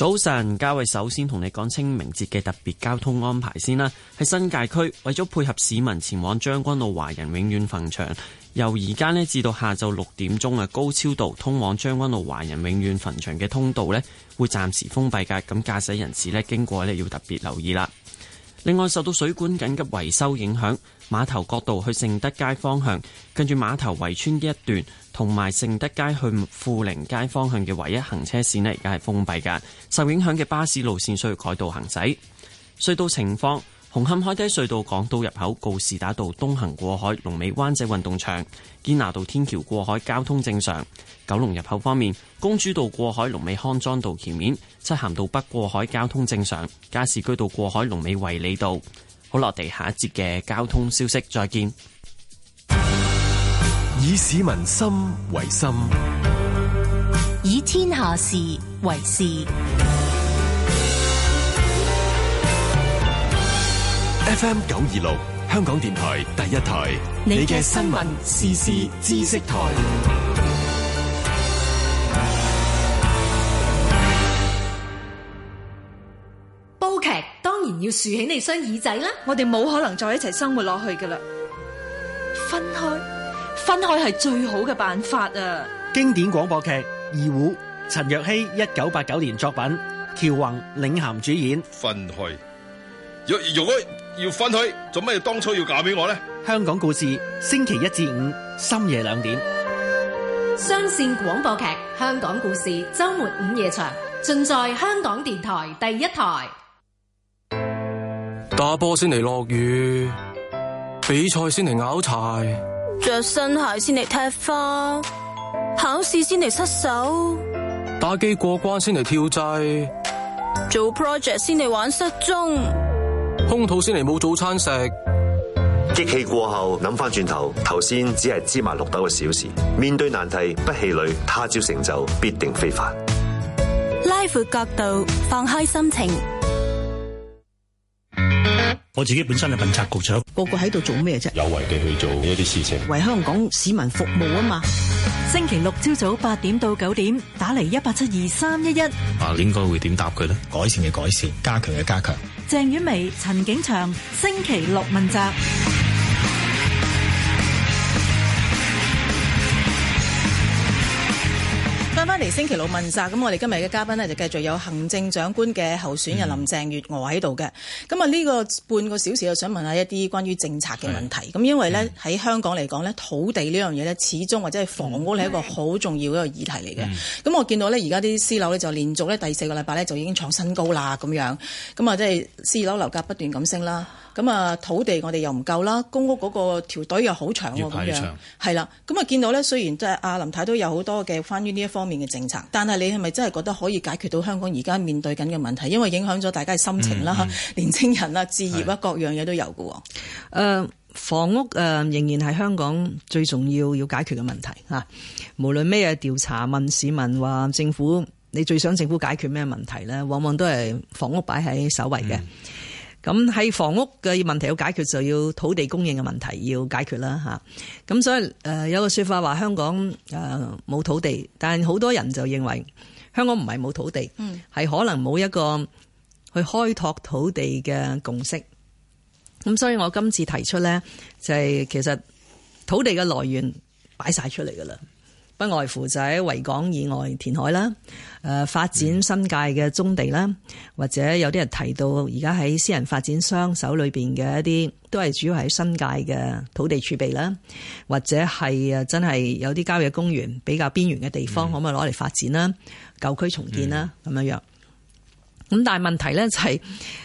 A: 早晨，家慧首先同你講清明節嘅特別交通安排先啦。喺新界區，為咗配合市民前往將軍澳華人永遠墳場，由而家呢至到下晝六點鐘嘅高超道通往將軍澳華人永遠墳場嘅通道呢，會暫時封閉㗎。咁駕駛人士呢，經過呢要特別留意啦。另外，受到水管緊急維修影響，碼頭角道去盛德街方向，跟住碼頭圍村嘅一段。同埋，盛德街去富寧街方向嘅唯一行車線呢，而家係封閉㗎。受影響嘅巴士路線需要改道行駛。隧道情況：紅磡海底隧道港島入口告士打道東行過海、龍尾灣仔運動場、堅拿道天橋過海，交通正常。九龍入口方面，公主道過海、龍尾康莊道前面、漆咸道北過海，交通正常。加士居道過海、龍尾維里道。好，我哋下一節嘅交通消息，再見。以市民心為心，
C: 以天下事為事。
A: FM 九二六，香港電台第一台，
E: 你嘅新
A: 聞、新聞時事、知識台。
C: 煲劇當然要豎起你雙耳仔啦！
D: 我哋冇可能再一齊生活落去噶啦，分開。分開係最好嘅辦法啊！
A: 經典廣播劇《二胡》，陳若曦，一九八九年作品，喬宏、領銜主演。分開，
F: 若若果要分開，做咩當初要嫁
A: 俾我呢？香港故事星期一至五深夜兩點，
C: 雙線廣播劇《香港故事》，周末午夜場盡在香港電台第一台。
A: 打波先嚟落雨，比賽先嚟拗柴。
C: 着新鞋先嚟踢花，考試先嚟失手，
G: 打機過關先嚟跳掣，做 project 先嚟玩失蹤，空肚先嚟冇早餐食。
B: 激氣過後諗翻轉頭，頭先只係芝麻綠豆嘅小事。面對難題不氣餒，他朝成就必定非凡。
C: 拉闊角度，放開心情。
B: 我自己本身係問責局長，個個喺度做咩啫？有為地去做呢一啲事情，
C: 為香港市民服務
D: 啊嘛！星期六朝早八點到九點，打嚟一八七二三
F: 一一。啊，應該會點答佢咧？改善嘅改善，加強嘅加強。
G: 鄭婉薇、陳景祥，星期六問責。翻翻嚟星期六問責，咁我哋今日嘅嘉賓呢，就繼續有行政長官嘅候選人林鄭月娥喺度嘅。咁啊呢個半個小時我想問一下一啲關於政策嘅問題。咁的因為呢，喺、嗯、香港嚟講呢土地呢樣嘢呢，始終或者係房屋係一個好重要嘅一個議題嚟嘅。咁、嗯嗯、我見到呢，而家啲私樓呢，就連續呢，第四個禮拜呢，就已經創新高啦咁樣。咁啊即係私樓樓價不斷咁升啦。咁啊，土地我哋又唔夠啦，公屋嗰個條隊又好長喎，咁樣，係啦。咁啊，見到咧，雖然即係阿林太都有好多嘅關於呢一方面嘅政策，但係你係咪真係覺得可以解決到香港而家面對緊嘅問題？因為影響咗大家嘅心情啦，嗯嗯、年青人啊、置業啊的各樣嘢都
D: 有嘅喎。誒，房屋誒仍然係香港最重要要解決嘅問題吓，無論咩嘢調查問市民話，政府你最想政府解決咩問題咧？往往都係房屋擺喺首位嘅。嗯咁喺房屋嘅問題要解決就要土地供應嘅問題要解決啦吓，咁所以誒有個說法話香港誒冇土地，但係好多人就認為香港唔係冇土地，嗯，係可能冇一個去開拓土地嘅共識，咁所以我今次提出咧，就係其實土地嘅來源擺晒出嚟噶啦。不外乎就喺維港以外填海啦，誒發展新界嘅棕地啦，或者有啲人提到而家喺私人發展商手裏邊嘅一啲，都係主要喺新界嘅土地儲備啦，或者係誒真係有啲郊野公園比較邊緣嘅地方，可唔可以攞嚟發展啦？舊區、嗯、重建啦，咁樣樣咁。但係問題呢就係、是、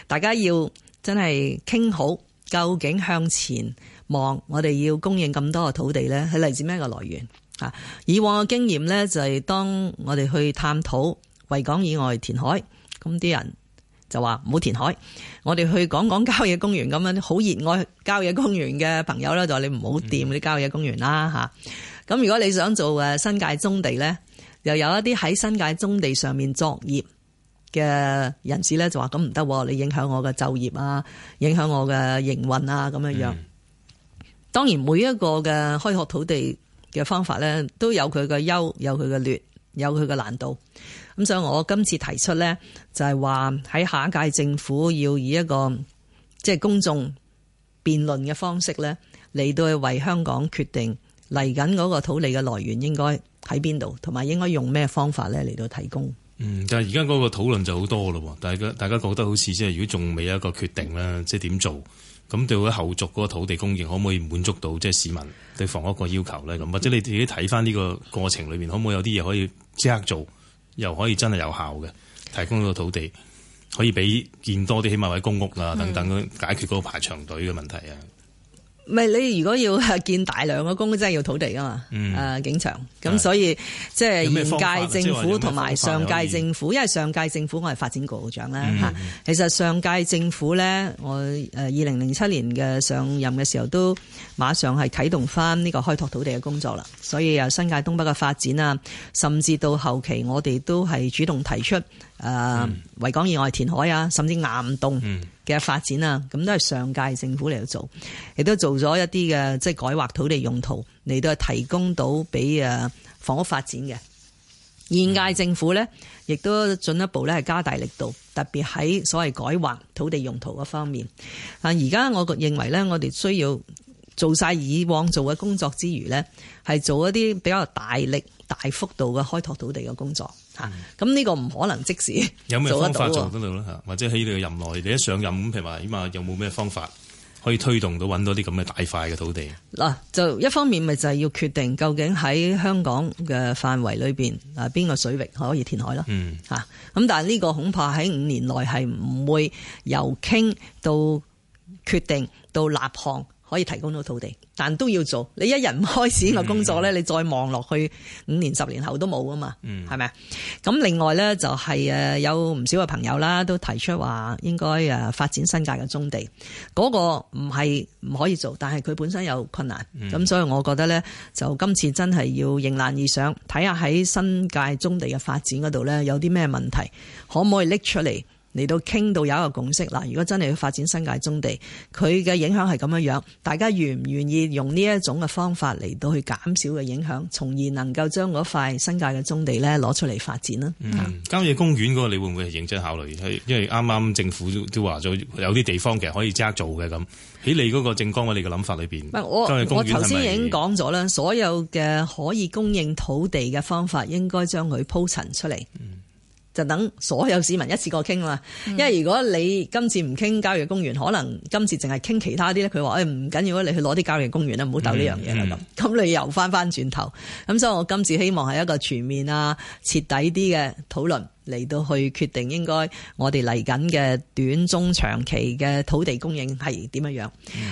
D: 大家要真係傾好，究竟向前望，我哋要供應咁多嘅土地呢，係嚟自咩個來源？啊！以往嘅經驗咧，就係當我哋去探討維港以外填海，咁啲人就話唔好填海。我哋去講講郊野公園咁樣，好熱愛郊野公園嘅朋友咧，就話你唔好掂啲郊野公園啦。吓咁、嗯，如果你想做誒新界棕地咧，又有一啲喺新界棕地上面作業嘅人士咧，就話咁唔得，你影響我嘅就業啊，影響我嘅營運啊，咁樣樣。嗯、當然，每一個嘅開拓土地。嘅方法咧，都有佢嘅優，有佢嘅劣，有佢嘅難度，咁所以我今次提出咧就係話喺下一屆政府要以一個即係、就是、公眾辯論嘅方式咧嚟到為香港決定嚟緊嗰個土地嘅來源應該喺邊度，同埋應該用咩方法咧嚟到提供。
F: 嗯，但係而家嗰個討論就好多咯，大家大家覺得好似即係如果仲未有一個決定啦，即係點做？咁對佢後續嗰個土地供應可唔可以滿足到即係市民對房屋個要求咧？咁或者你自己睇翻呢個過程裏邊，可唔可以有啲嘢可以即刻做，又可以真係有效嘅提供個土地，可以俾建多啲，起碼位公屋啊等等解決嗰個排長隊嘅問題啊。
D: 咪你如果要建大量嘅工，真係要土地啊嘛，誒警場，咁、啊、所以即係現屆政府同埋上屆政府，因為上屆政府我係發展局局長啦、嗯嗯、其實上屆政府咧，我誒二零零七年嘅上任嘅時候都馬上係啟動返呢個開拓土地嘅工作啦，所以由新界東北嘅發展啊，甚至到後期我哋都係主動提出誒、呃嗯、維港以外填海啊，甚至岩洞。嗯嘅發展啊，咁都係上屆政府嚟做，亦都做咗一啲嘅即係改劃土地用途嚟到提供到俾誒房屋發展嘅。現屆政府咧，亦都進一步咧係加大力度，特別喺所謂改劃土地用途嗰方面。啊，而家我認為咧，我哋需要。做晒以往做嘅工作之餘呢，係做一啲比較大力、大幅度嘅開拓土地嘅工作嚇。咁呢個唔可能即時
F: 有咩方法做得到咧？或者喺你嘅任內，你一上任譬如話，起碼有冇咩方法可以推動到揾，到啲咁嘅大塊嘅土地？
D: 嗱，就一方面咪就係要決定究竟喺香港嘅範圍裏邊，啊，邊個水域可以填海啦？嗯嚇。咁但係呢個恐怕喺五年內係唔會由傾到決定到立項。可以提供到土地，但都要做。你一日唔開始個工作咧，嗯、你再望落去五年十年後都冇啊嘛，係咪、嗯？咁另外咧就係誒，有唔少嘅朋友啦，都提出話應該誒發展新界嘅棕地，嗰、那個唔係唔可以做，但係佢本身有困難，咁、嗯、所以我覺得咧就今次真係要迎難而上，睇下喺新界棕地嘅發展嗰度咧有啲咩問題，可唔可以拎出嚟？嚟到傾到有一個共識嗱，如果真係要發展新界中地，佢嘅影響係咁樣，大家願唔願意用呢一種嘅方法嚟到去減少嘅影響，從而能夠將嗰塊新界嘅中地咧攞出嚟發展咧？嗯、
F: 郊野公園嗰個你會唔會係認真考慮？因為啱啱政府都都話咗有啲地方其實可以即刻做嘅咁，喺你嗰個政綱嘅你嘅諗法裏面，
D: 我我頭先已經講咗啦，所有嘅可以供應土地嘅方法，應該將佢鋪陳出嚟。就等所有市民一次過傾啦，因為如果你今次唔傾郊野公園，可能今次淨係傾其他啲咧。佢話：誒、哎、唔緊要啊，你去攞啲郊野公園啦，唔好鬥呢樣嘢啦咁。咁、嗯嗯、你又翻翻轉頭咁，所以我今次希望係一個全面啊、徹底啲嘅討論。嚟到去決定應該我哋嚟緊嘅短中長期嘅土地供應係點樣。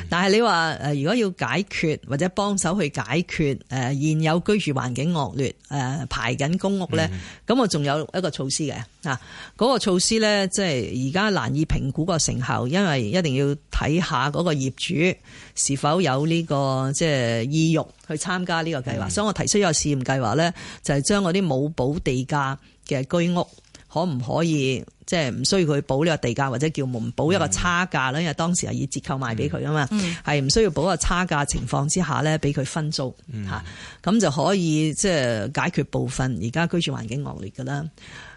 D: 但係你話誒，如果要解決或者幫手去解決誒現有居住環境惡劣誒排緊公屋咧，咁我仲有一個措施嘅。嗰個措施咧，即係而家難以評估個成效，因為一定要睇下嗰個業主是否有呢個即係意欲去參加呢個計劃。所以我提出一個試驗計劃咧，就係將嗰啲冇補地價嘅居屋可唔可以即係唔需要佢補呢個地價或者叫免補一個差價啦，嗯、因為當時係以折扣賣俾佢啊嘛，係唔、嗯、需要補個差價情況之下咧，俾佢分租吓，咁、嗯啊、就可以即係解決部分而家居住環境惡劣噶啦。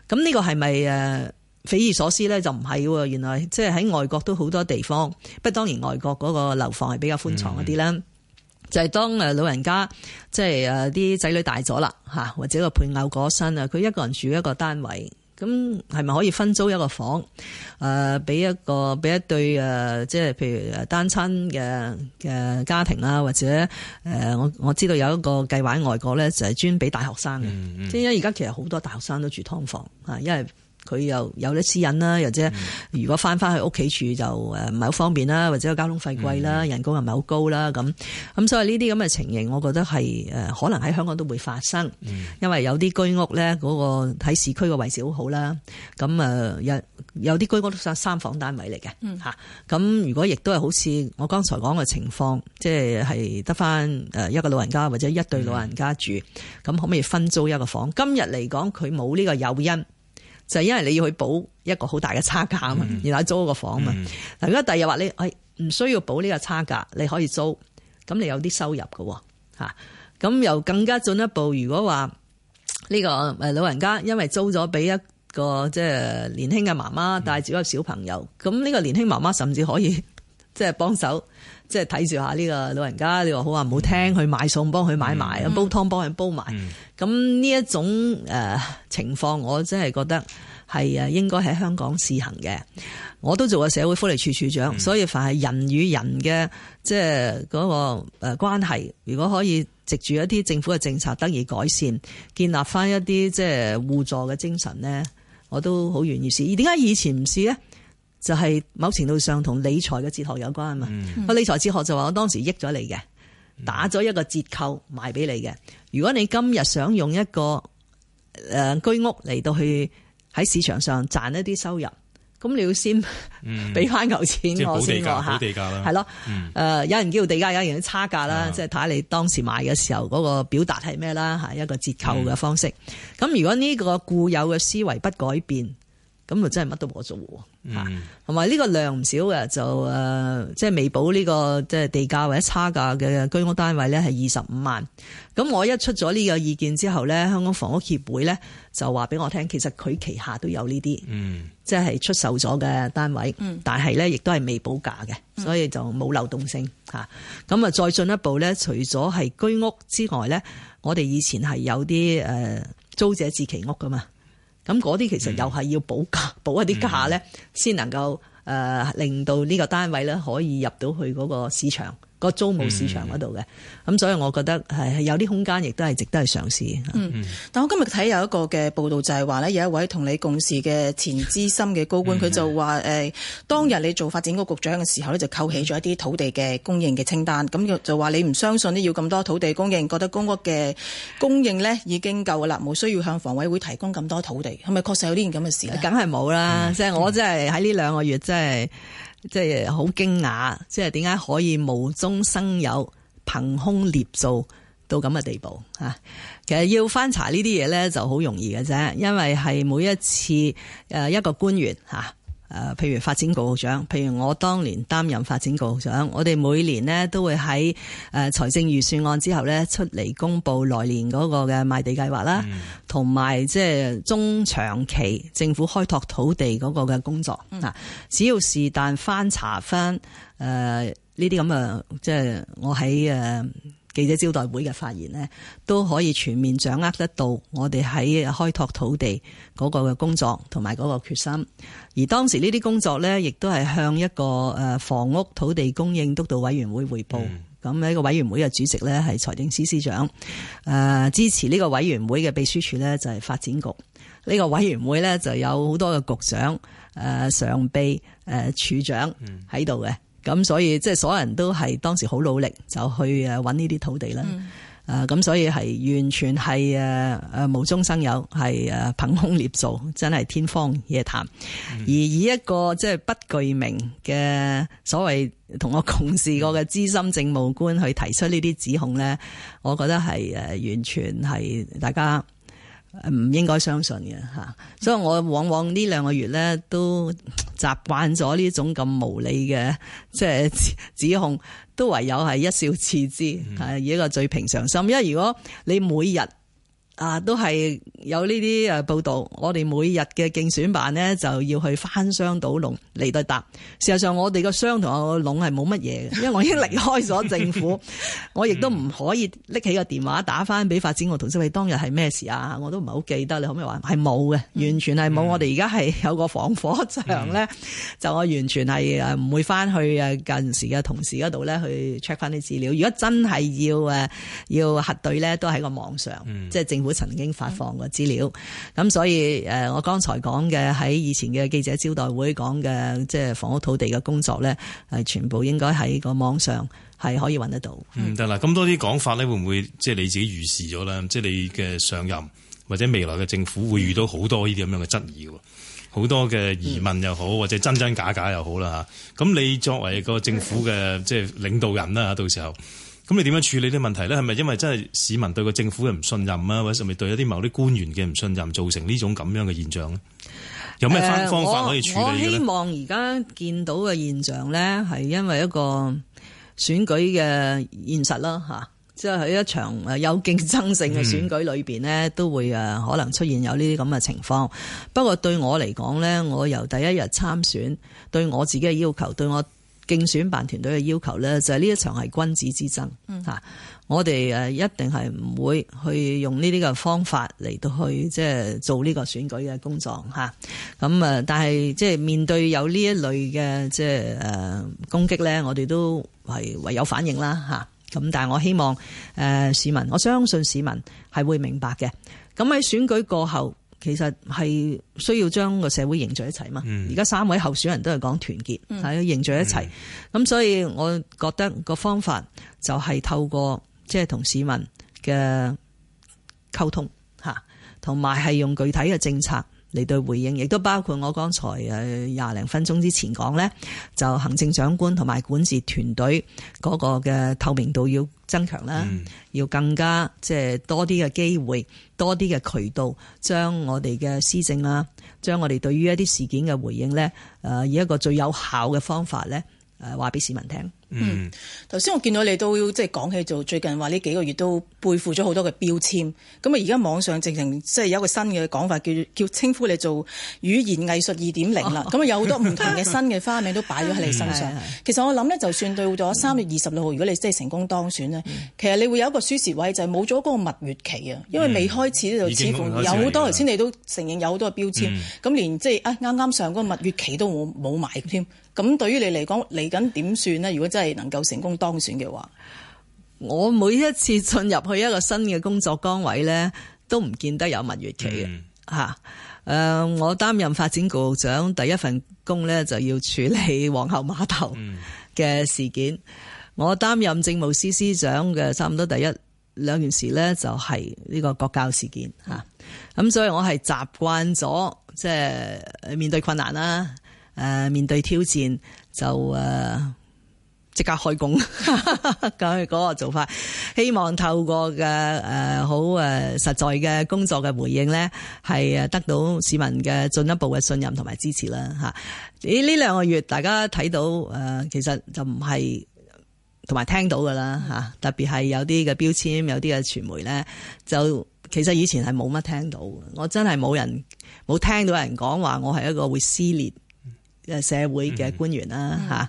D: 咁呢個係咪誒匪夷所思咧？就唔係，原來即係喺外國都好多地方，不過當然外國嗰個樓房係比較寬敞一啲啦。嗯就係當誒老人家即係誒啲仔女大咗啦吓，或者個配偶過身啊，佢一個人住一個單位，咁係咪可以分租一個房誒？俾、呃、一個俾一對誒，即、呃、係譬如單親嘅嘅家庭啊，或者誒，我、呃、我知道有一個計劃喺外國咧，就係專俾大學生嘅，即係因為而家其實好多大學生都住劏房因為。佢又有得私隱啦，又者如果翻翻去屋企住就誒唔係好方便啦，或者個交通費貴啦，人工又唔係好高啦，咁咁、嗯、所以呢啲咁嘅情形，我覺得係誒可能喺香港都會發生，嗯、因為有啲居屋咧嗰個喺市區嘅位置好好啦，咁誒有有啲居屋都係三房單位嚟嘅嚇，咁如果亦都係好似我剛才講嘅情況，即係得翻誒一個老人家或者一對老人家住，咁、嗯、可唔可以分租一個房？今日嚟講，佢冇呢個誘因。就係因為你要去補一個好大嘅差價啊嘛，然後租個房啊嘛。嗱、嗯，嗯、如果第二日話你，誒唔需要補呢個差價，你可以租，咁你有啲收入嘅喎嚇。咁、啊、又更加進一步，如果話呢個誒老人家因為租咗俾一個即係年輕嘅媽媽帶住個小朋友，咁呢個年輕媽媽、嗯、甚至可以即 *laughs* 係幫手。即係睇住下呢個老人家，你話好話唔好聽去買餸，嗯，幫佢買埋，煲湯幫佢煲埋。咁呢一種誒情況，我真係覺得係誒應該喺香港試行嘅。我都做過社會福利處處長，所以凡係人與人嘅即係嗰個誒關係，如果可以藉住一啲政府嘅政策得以改善，建立翻一啲即係互助嘅精神呢，我都好願意試。點解以前唔試呢？就係某程度上同理財嘅哲學有關啊嘛，個、嗯、理財哲學就話我當時益咗你嘅，打咗一個折扣賣俾你嘅。如果你今日想用一個誒居屋嚟，到去喺市場上賺一啲收入，咁你要先俾翻嚿錢我、嗯、地價，先我下地吓，係咯誒。有人叫地價，有人叫差價啦，即係睇下你當時賣嘅時候嗰個表達係咩啦吓。一個折扣嘅方式咁，嗯、如果呢個固有嘅思維不改變，咁就真係乜都冇做。吓，同埋呢個量唔少嘅，就誒，即係未補呢個即係地價或者差價嘅居屋單位咧，係二十五萬。咁我一出咗呢個意見之後咧，香港房屋協會咧就話俾我聽，其實佢旗下都有呢啲，嗯、即係出售咗嘅單位，但係咧亦都係未補價嘅，所以就冇流動性吓。咁啊，再進一步咧，除咗係居屋之外咧，我哋以前係有啲誒租者自其屋噶嘛。咁嗰啲其實又係要補價，補、嗯、一啲價咧，先能夠誒、呃、令到呢個單位咧可以入到去嗰個市場。個租務市場嗰度嘅，咁、嗯、所以我覺得係有啲空間，亦都係值得去嘗試。嗯，
G: 但我今日睇有一個嘅報道，就係話呢有一位同你共事嘅前資深嘅高官，佢就話誒，當日你做發展局局長嘅時候呢就扣起咗一啲土地嘅供應嘅清單，咁、嗯、就話你唔相信呢，要咁多土地供應，嗯、覺得公屋嘅供應呢已經夠啦，冇需要向房委會提供咁多土地，係咪確實有呢件咁嘅事？梗係
D: 冇啦，即係、嗯、我真係喺呢兩個月真係。即係好驚訝，即係點解可以無中生有，憑空捏造到咁嘅地步啊？其實要翻查呢啲嘢咧就好容易嘅啫，因為係每一次誒一個官員吓。誒，譬如發展局局長，譬如我當年擔任發展局局長，我哋每年呢都會喺誒財政預算案之後咧出嚟公佈來年嗰個嘅賣地計劃啦，同埋即係中長期政府開拓土地嗰個嘅工作。只要是但翻查翻誒呢啲咁嘅，即係我喺誒。呃記者招待會嘅發言呢都可以全面掌握得到我哋喺開拓土地嗰個嘅工作同埋嗰個決心。而當時呢啲工作呢，亦都係向一個房屋土地供應督導委員會匯報。咁呢、嗯、個委員會嘅主席呢，係財政司司長。誒支持呢個委員會嘅秘書處呢，就係發展局。呢、這個委員會呢，就有好多嘅局長、誒常秘、誒、呃、處長喺度嘅。咁所以即係所有人都係當時好努力就去誒搵呢啲土地啦，啊咁、嗯、所以係完全係誒誒無中生有，係誒憑空捏造，真係天方夜譚。嗯、而以一個即係不具名嘅所謂同我共事過嘅資深政務官去提出呢啲指控咧，我覺得係誒完全係大家，唔應該相信嘅嚇，所以我往往呢兩個月咧都習慣咗呢種咁無理嘅即係指控，都唯有係一笑置之，係以一個最平常心。因為如果你每日，啊，都係有呢啲誒報道，我哋每日嘅競選辦咧就要去翻箱倒籠嚟對答。事實上我我，我哋個箱同我籠係冇乜嘢嘅，因為我已經離開咗政府， *laughs* 我亦都唔可以拎起個電話打翻俾發展局同事，你當日係咩事啊？我都唔係好記得。你可唔可以話係冇嘅？完全係冇。嗯、我哋而家係有個防火牆咧，嗯、就我完全係誒唔會翻去誒近時嘅同事嗰度咧去 check 翻啲資料。如果真係要誒、啊、要核對咧，都喺個網上，嗯、即係政。曾經發放過資料，咁所以誒，我剛才講嘅喺以前嘅記者招待會講嘅，即係房屋土地嘅工作咧，係全部應該喺個網上係可以揾得到。唔
F: 得啦，咁多啲講法咧，會唔會即係、就是、你自己預示咗啦？即、就、係、是、你嘅上任或者未來嘅政府會遇到好多呢啲咁樣嘅質疑，好多嘅疑問又好，嗯、或者真真假假又好啦吓。咁你作為個政府嘅即係領導人啦，嗯、到時候。咁你點樣處理啲問題呢？係咪因為真係市民對個政府嘅唔信任啊，或者係咪對一啲某啲官員嘅唔信任造成呢種咁樣嘅現象呢？有咩方法可以處理嘅、呃、我希望
D: 而家見到嘅現象呢，係因為一個選舉嘅現實啦，吓，即係喺一場有競爭性嘅選舉裏邊呢，都、嗯、會誒可能出現有呢啲咁嘅情況。不過對我嚟講呢，我由第一日參選，對我自己嘅要求，對我。競選辦團隊嘅要求咧，就係，是，呢一場係君子之爭，嗯、我哋誒一定係唔會去用呢啲嘅方法嚟到去即係做呢個選舉嘅工作咁，但係，即係面對有呢一類嘅即係誒攻擊咧，我哋都係唯有反應啦。咁但係我希望誒市民，我相信市民係會明白嘅。咁喺選舉過後。其實係需要將個社會凝聚一齊嘛。而家、嗯、三位候選人都係講團結，係凝聚一齊咁，嗯、所以我覺得個方法就係透過即係同市民嘅溝通吓，同埋係用具體嘅政策。你對回應，亦都包括我剛才誒廿零分鐘之前講咧，就行政長官同埋管治團隊嗰個嘅透明度要增強啦，嗯、要更加即係多啲嘅機會，多啲嘅渠道，將我哋嘅施政啦，將我哋對於一啲事件嘅回應咧，誒以一個最有效嘅方法咧，誒話俾市民聽。
G: 嗯，頭先我見到你都即係講起做最近話呢幾個月都背負咗好多嘅標籤，咁啊而家網上直情即係有一個新嘅講法叫叫稱呼你做語言藝術二點零啦，咁啊有好多唔同嘅新嘅花名都擺咗喺你身上。 *laughs* 嗯、其實我諗咧，就算到咗三月二十六號，如果你真係成功當選咧，嗯、其實你會有一個輸蝕位，就係冇咗嗰個蜜月期啊，因為未開始就似乎有好多，頭先你都承認有好多嘅標籤，咁、嗯、連即係啊啱啱上嗰個蜜月期都冇冇埋添。咁對於你嚟講，嚟緊點算呢？如果真係能夠
D: 成功當選嘅話，我每一次進入去一個新嘅工作崗位呢，都唔見得有蜜月期嘅嚇、mm hmm. 啊、我擔任發展局局長第一份工呢，就要處理皇后碼頭嘅事件；mm hmm. 我擔任政務司司長嘅差唔多第一兩件事呢，就係呢個國教事件嚇。咁、啊、所以我係習慣咗即係面對困難啦。誒，面對挑戰就誒即、呃、刻開工咁嗰 *laughs* 個做法，希望透過嘅誒、呃、好誒實在嘅工作嘅回應呢係誒得到市民嘅進一步嘅信任同埋支持啦吓。咦？呢兩個月大家睇到誒，其實就唔係同埋聽到噶啦吓，特別係有啲嘅標籤，有啲嘅傳媒呢，就其實以前係冇乜聽到，我真係冇人冇聽到人講話，我係一個會撕裂。社會嘅官員啦嚇，嗯、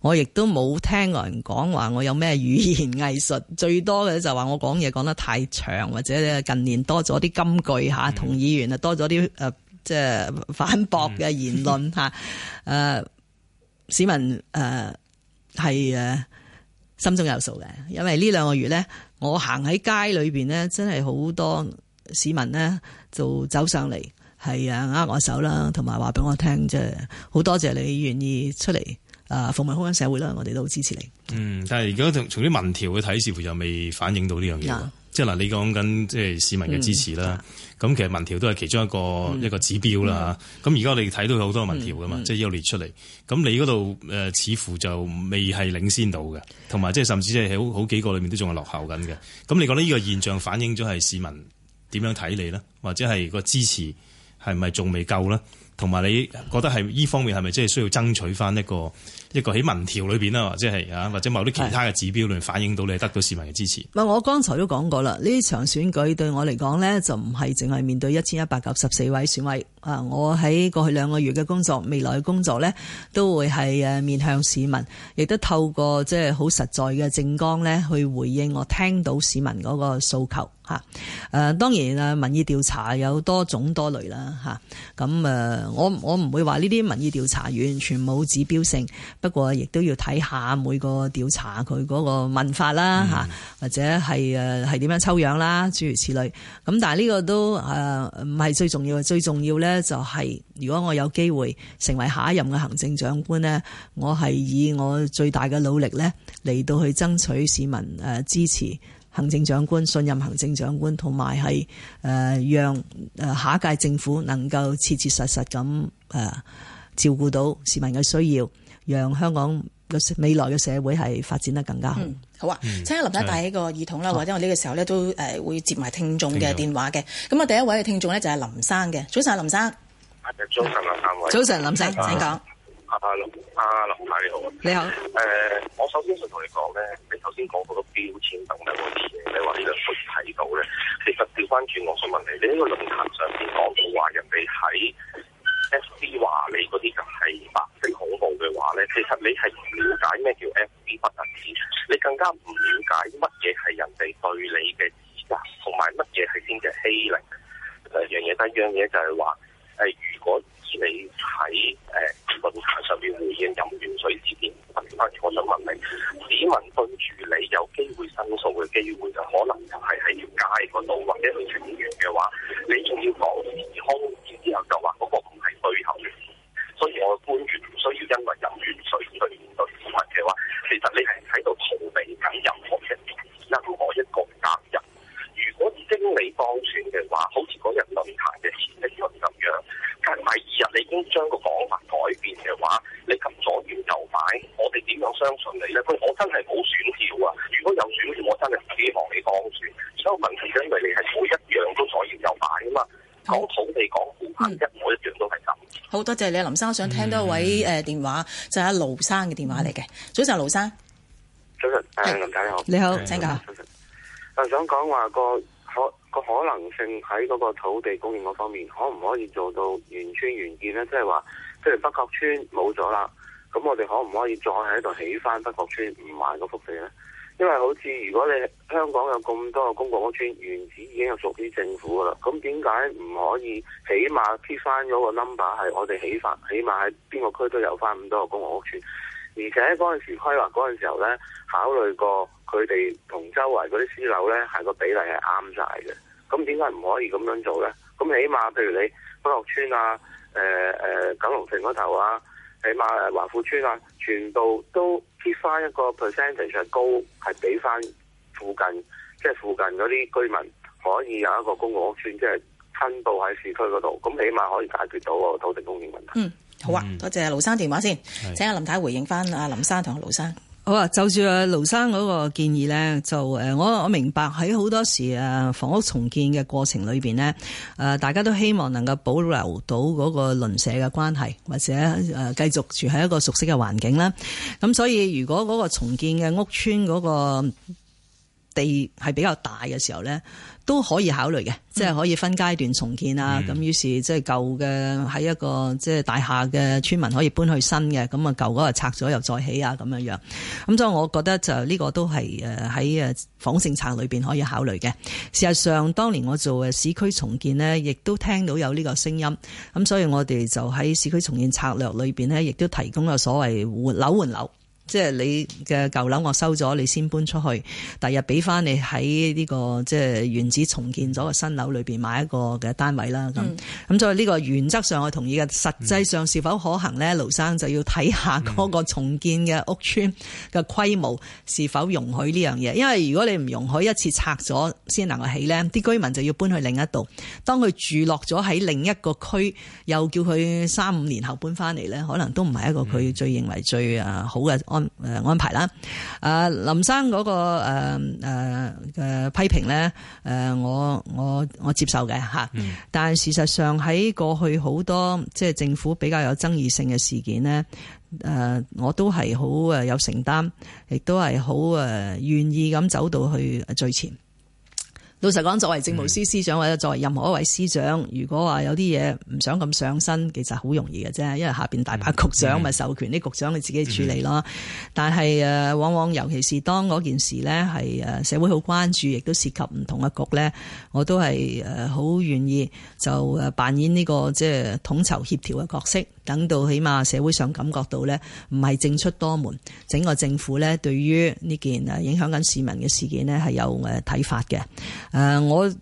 D: 我亦都冇聽個人講話，我有咩語言藝術，最多嘅就話我講嘢講得太長，或者近年多咗啲金句嚇，同議員啊多咗啲誒，即、呃、係反駁嘅言論嚇。誒市民誒係誒心中有數嘅，因為呢兩個月咧，我行喺街裏邊咧，真係好多市民咧就走上嚟。嗯係啊，握我手啦，同埋話俾我聽，即係好多謝你願意出嚟啊，服務香港社會啦。我哋都好支持你。嗯，
F: 但係而家從啲民調去睇，似乎又未反映到呢樣嘢。即係嗱，你講緊即係市民嘅支持啦。咁、嗯、其實民調都係其中一個一個指標啦。咁而家我哋睇到好多民調噶嘛，嗯嗯、即係一列出嚟。咁你嗰度誒，似乎就未係領先到嘅，同埋即係甚至係係好好幾個裏面都仲係落後緊嘅。咁你覺得呢個現象反映咗係市民點樣睇你呢？或者係個支持？係咪仲未夠呢？同埋你覺得係呢方面係咪真係需要爭取翻一個一個喺民調裏面啦，或者係啊，或者某啲其他嘅指標裡面反映到你是的 得到市民嘅支持？
D: 唔係，我剛才都講過啦，呢場選舉對我嚟講呢，就唔係淨係面對一千一百九十四位選委。啊！我喺過去兩個月嘅工作，未來嘅工作咧，都會係誒面向市民，亦都透過即係好實在嘅政綱咧去回應我聽到市民嗰個訴求吓，誒當然啊，民意調查有多種多類啦吓，咁誒我我唔會話呢啲民意調查完全冇指標性，不過亦都要睇下每個調查佢嗰個問法啦吓，或者係誒係點樣抽樣啦，諸如此類咁，但係呢個都誒唔係最重要，最重要咧。就係，如果我有機會成為下一任嘅行政長官呢，我係以我最大嘅努力呢嚟到去爭取市民誒支持，行政長官信任行政長官，同埋係誒讓誒下一屆政府能夠切切實實咁誒照顧到市民嘅需要，讓香港，未來嘅社會係發展得更加好。嗯、
G: 好啊，請阿林生戴起個耳筒啦，或者、嗯、我呢個時候咧都誒會接埋聽眾嘅電話嘅。咁啊、嗯，第一位嘅聽眾咧就係林生嘅。早晨，林生。
D: 早晨，林生委。
G: 早晨，林生，請講、
D: 啊。阿
E: 林講，阿林太你好。你好。誒好、呃，我首先想同你講咧，你頭先講好多標籤等等啲嘢嘅話，呢兩個睇到咧，其實調翻轉我想問你，你呢個論壇上先講到話人哋喺 FB 話你嗰啲就喺八。恐怖嘅話咧，其實你係唔了解咩叫 F B 不特止，你更加唔了解乜嘢係人哋對你嘅指責，同埋乜嘢係先嘅欺凌。誒、啊、樣嘢第得，一樣嘢就係話誒，如果你喺誒論壇上邊已經飲完水事件，問翻我，想問你，市民對住你有機會申訴嘅機會，就可能就係喺條街個度，或者去請願嘅話，你仲要講時空然之後就話嗰個唔係對口。嘅。所以我嘅官員唔需要因為飲完水去面對市民嘅話，其實你係喺度逃避緊任何一任何一個責任一個。如果已經你當選嘅話，好似嗰日論壇嘅前一輪咁樣，隔係第二日你已經將個講法改變嘅話，你咁左搖右擺，我哋點樣相信你咧？佢我真係冇選票啊！如果有選票，我真係希望你當選。而家問題就因為你係每一樣都左搖右擺啊嘛，講土地、講股，客一、嗯，每一樣都係咁。
G: 好多謝你，林生，我想聽多一位誒、嗯呃、電話，就阿、是、盧生嘅電話嚟嘅。早晨，盧生，
E: 早晨，林太你好，你好，請講。我上想講話、嗰個可、嗰個可能性喺嗰個土地供應嗰方面，可唔可以做到原村原建咧？即係話，即係北角村冇咗啦，咁我哋可唔可以再喺度起翻北角村唔賣嗰幅地咧？因為好似如果你香港有咁多個公共屋村，原址已經係屬於政府噶啦，咁點解唔可以起碼貼翻咗個 number 係我哋起法？起碼喺邊個區都有翻咁多個公共屋村，而且嗰陣時規劃嗰陣時候呢，考慮過佢哋同周圍嗰啲私樓呢，係個比例係啱晒嘅。咁點解唔可以咁樣做呢？咁起碼譬如你北角村啊、呃呃，九龍城嗰頭啊。起碼華富邨啊，全部都 keep 翻一個 percentage 係高，係俾翻附近即係附近嗰啲居民可以有一個公共屋邨，即係親到喺市區嗰度，咁起碼可以解決到個土地供應問
G: 題。嗯，好啊，多謝盧生電話先，的請阿林太回應翻阿林生同阿盧生。
D: 好啊，就住啊盧生嗰個建議咧，就誒我我明白喺好多時，誒房屋重建嘅過程裏邊咧，誒大家都希望能夠保留到嗰個鄰舍嘅關係，或者誒繼續住喺一個熟悉嘅環境啦。咁所以如果嗰個重建嘅屋邨嗰個地係比較大嘅時候咧，都可以考慮嘅，即係可以分階段重建啊。咁、嗯、於是即係舊嘅喺一個即係大廈嘅村民可以搬去新嘅，咁啊舊嗰個拆咗又再起啊咁樣樣。咁所以我覺得就呢個都係誒喺誒房政策裏邊可以考慮嘅。事實上，當年我做市區重建呢，亦都聽到有呢個聲音。咁所以我哋就喺市區重建策略裏面呢，亦都提供咗所謂換樓換樓。即係你嘅舊樓我收咗，你先搬出去。第日俾翻你喺呢個即係原址重建咗個新樓裏邊買一個嘅單位啦。咁咁、嗯，所以呢個原則上我同意嘅。實際上是否可行咧？盧、嗯、生就要睇下嗰個重建嘅屋邨嘅規模是否容許呢樣嘢。因為如果你唔容許一次拆咗先能夠起咧，啲居民就要搬去另一度。當佢住落咗喺另一個區，又叫佢三五年後搬翻嚟咧，可能都唔係一個佢最認為最啊好嘅。誒安排啦，誒林生嗰個誒誒誒批評咧，誒我我我接受嘅吓，但係事實上喺過去好多即係政府比較有爭議性嘅事件咧，誒我都係好誒有承擔，亦都係好誒願意咁走到去最前。老實講，作為政務司司長或者作為任何一位司長，如果話有啲嘢唔想咁上身，其實好容易嘅啫，因為下邊大把局長咪授權啲局長你自己處理咯。 *laughs* 但係誒，往往尤其是當嗰件事咧係誒社會好關注，亦都涉及唔同嘅局咧，我都係誒好願意就誒扮演呢個即係統籌協調嘅角色。等到起碼社會上感覺到咧，唔係政出多門，整個政府咧對於呢件誒影響緊市民嘅事件呢，係有誒睇法嘅。誒，我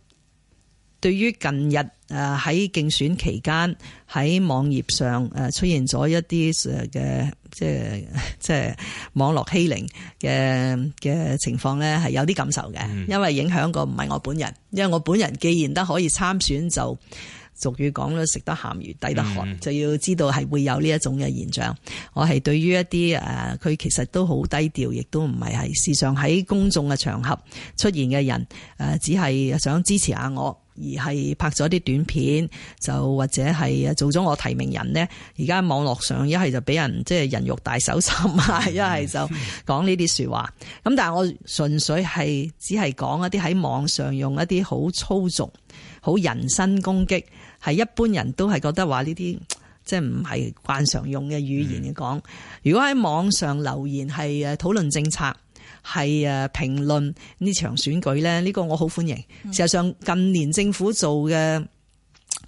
D: 對於近日誒喺競選期間喺網頁上誒出現咗一啲嘅即係即係網絡欺凌嘅嘅情況咧係有啲感受嘅，因為影響過唔係我本人，因為我本人既然得可以參選就。俗語講啦，食得鹹魚抵得渴，就要知道係會有呢一種嘅現象。我係對於一啲誒，佢、呃、其實都好低調，亦都唔係係時常喺公眾嘅場合出現嘅人。誒，只係想支持下我，而係拍咗啲短片，就或者係做咗我提名人呢。而家網絡上一係就俾人即係人肉大搜尋，一係就講呢啲説話。咁 *laughs* 但係我純粹係只係講一啲喺網上用一啲好粗俗、好人身攻擊。係一般人都係覺得話呢啲即係唔係慣常用嘅語言嚟講，如果喺網上留言係誒討論政策，係誒評論呢場選舉咧，呢個我好歡迎。事實上近年政府做嘅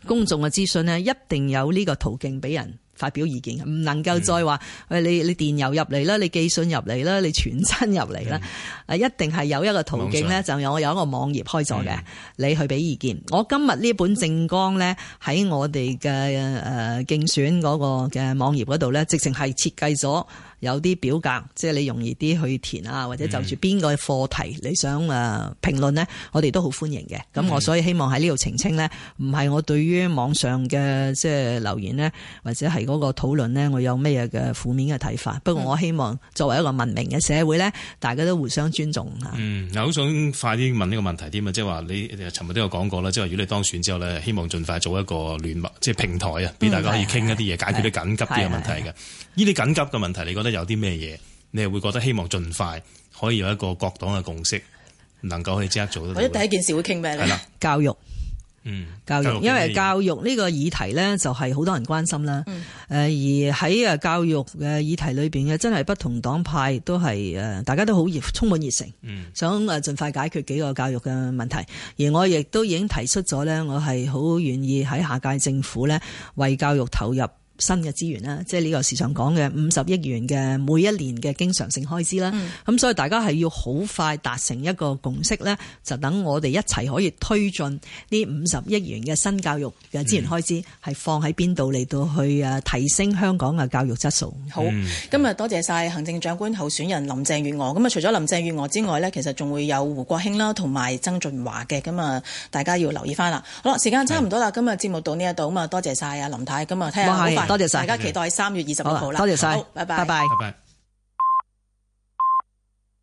D: 公眾嘅資訊咧，一定有呢個途徑俾人發表意見，唔能夠再話你你電郵入嚟啦，你寄信入嚟啦，你傳真入嚟啦，嗯、一定係有一個途徑咧，就我有一個網頁開咗嘅，嗯、你去俾意見。我今日呢本政綱咧喺我哋嘅誒競選嗰個嘅網頁嗰度咧，直情係設計咗。有啲表格，即係你容易啲去填啊，或者就住邊個課題你想誒評論咧，嗯、我哋都好歡迎嘅。咁、嗯、我所以希望喺呢度澄清呢，唔係我對於網上嘅即係留言呢，或者係嗰個討論呢，我有咩嘅負面嘅睇法。不過我希望作為一個文明嘅社會呢，嗯、大家都互相尊重吓。
F: 嗯，嗱，好想快啲問呢個問題添啊，即係話你尋日都有講過啦，即係如果你當選之後呢，希望盡快做一個聯絡，即係平台啊，俾大家可以傾一啲嘢，嗯、解決啲緊急啲嘅問題嘅。呢啲緊急嘅問題，你覺得？有啲咩嘢，你係會覺得希望盡快可以有一個各黨嘅共識，能夠可以即刻做到。第一
D: 件事會傾咩咧？係啦，教育，嗯，
F: 教育，因為教
D: 育呢個議題咧就係好多人關心啦。誒、嗯，而喺誒教育嘅議題裏邊嘅，真係不同黨派都係誒，大家都好熱，充滿熱誠，想誒盡快解決幾個教育嘅問題。而我亦都已經提出咗咧，我係好願意喺下屆政府咧為教育投入。新嘅資源啦，即係呢個時常講嘅五十億元嘅每一年嘅經常性開支啦，咁、嗯、所以大家係要好快達成一個共識呢，就等我哋一齊可以推進呢五十億元嘅新教育嘅資源開支係、嗯、放喺邊度嚟到去誒提升香港嘅教育質素。嗯、好，今
G: 日多謝晒行政長官候選人
D: 林鄭月娥。咁啊，除
G: 咗林鄭月娥之外呢，其實仲會有胡國興啦，同埋曾俊華嘅。咁啊，大家要留意返啦。好啦，時間差唔多啦，是今日節目到呢一度啊，多謝晒啊林太。今日聽下多謝晒，大家期待三月二十一號啦。多謝晒，好，拜拜，拜拜。拜拜。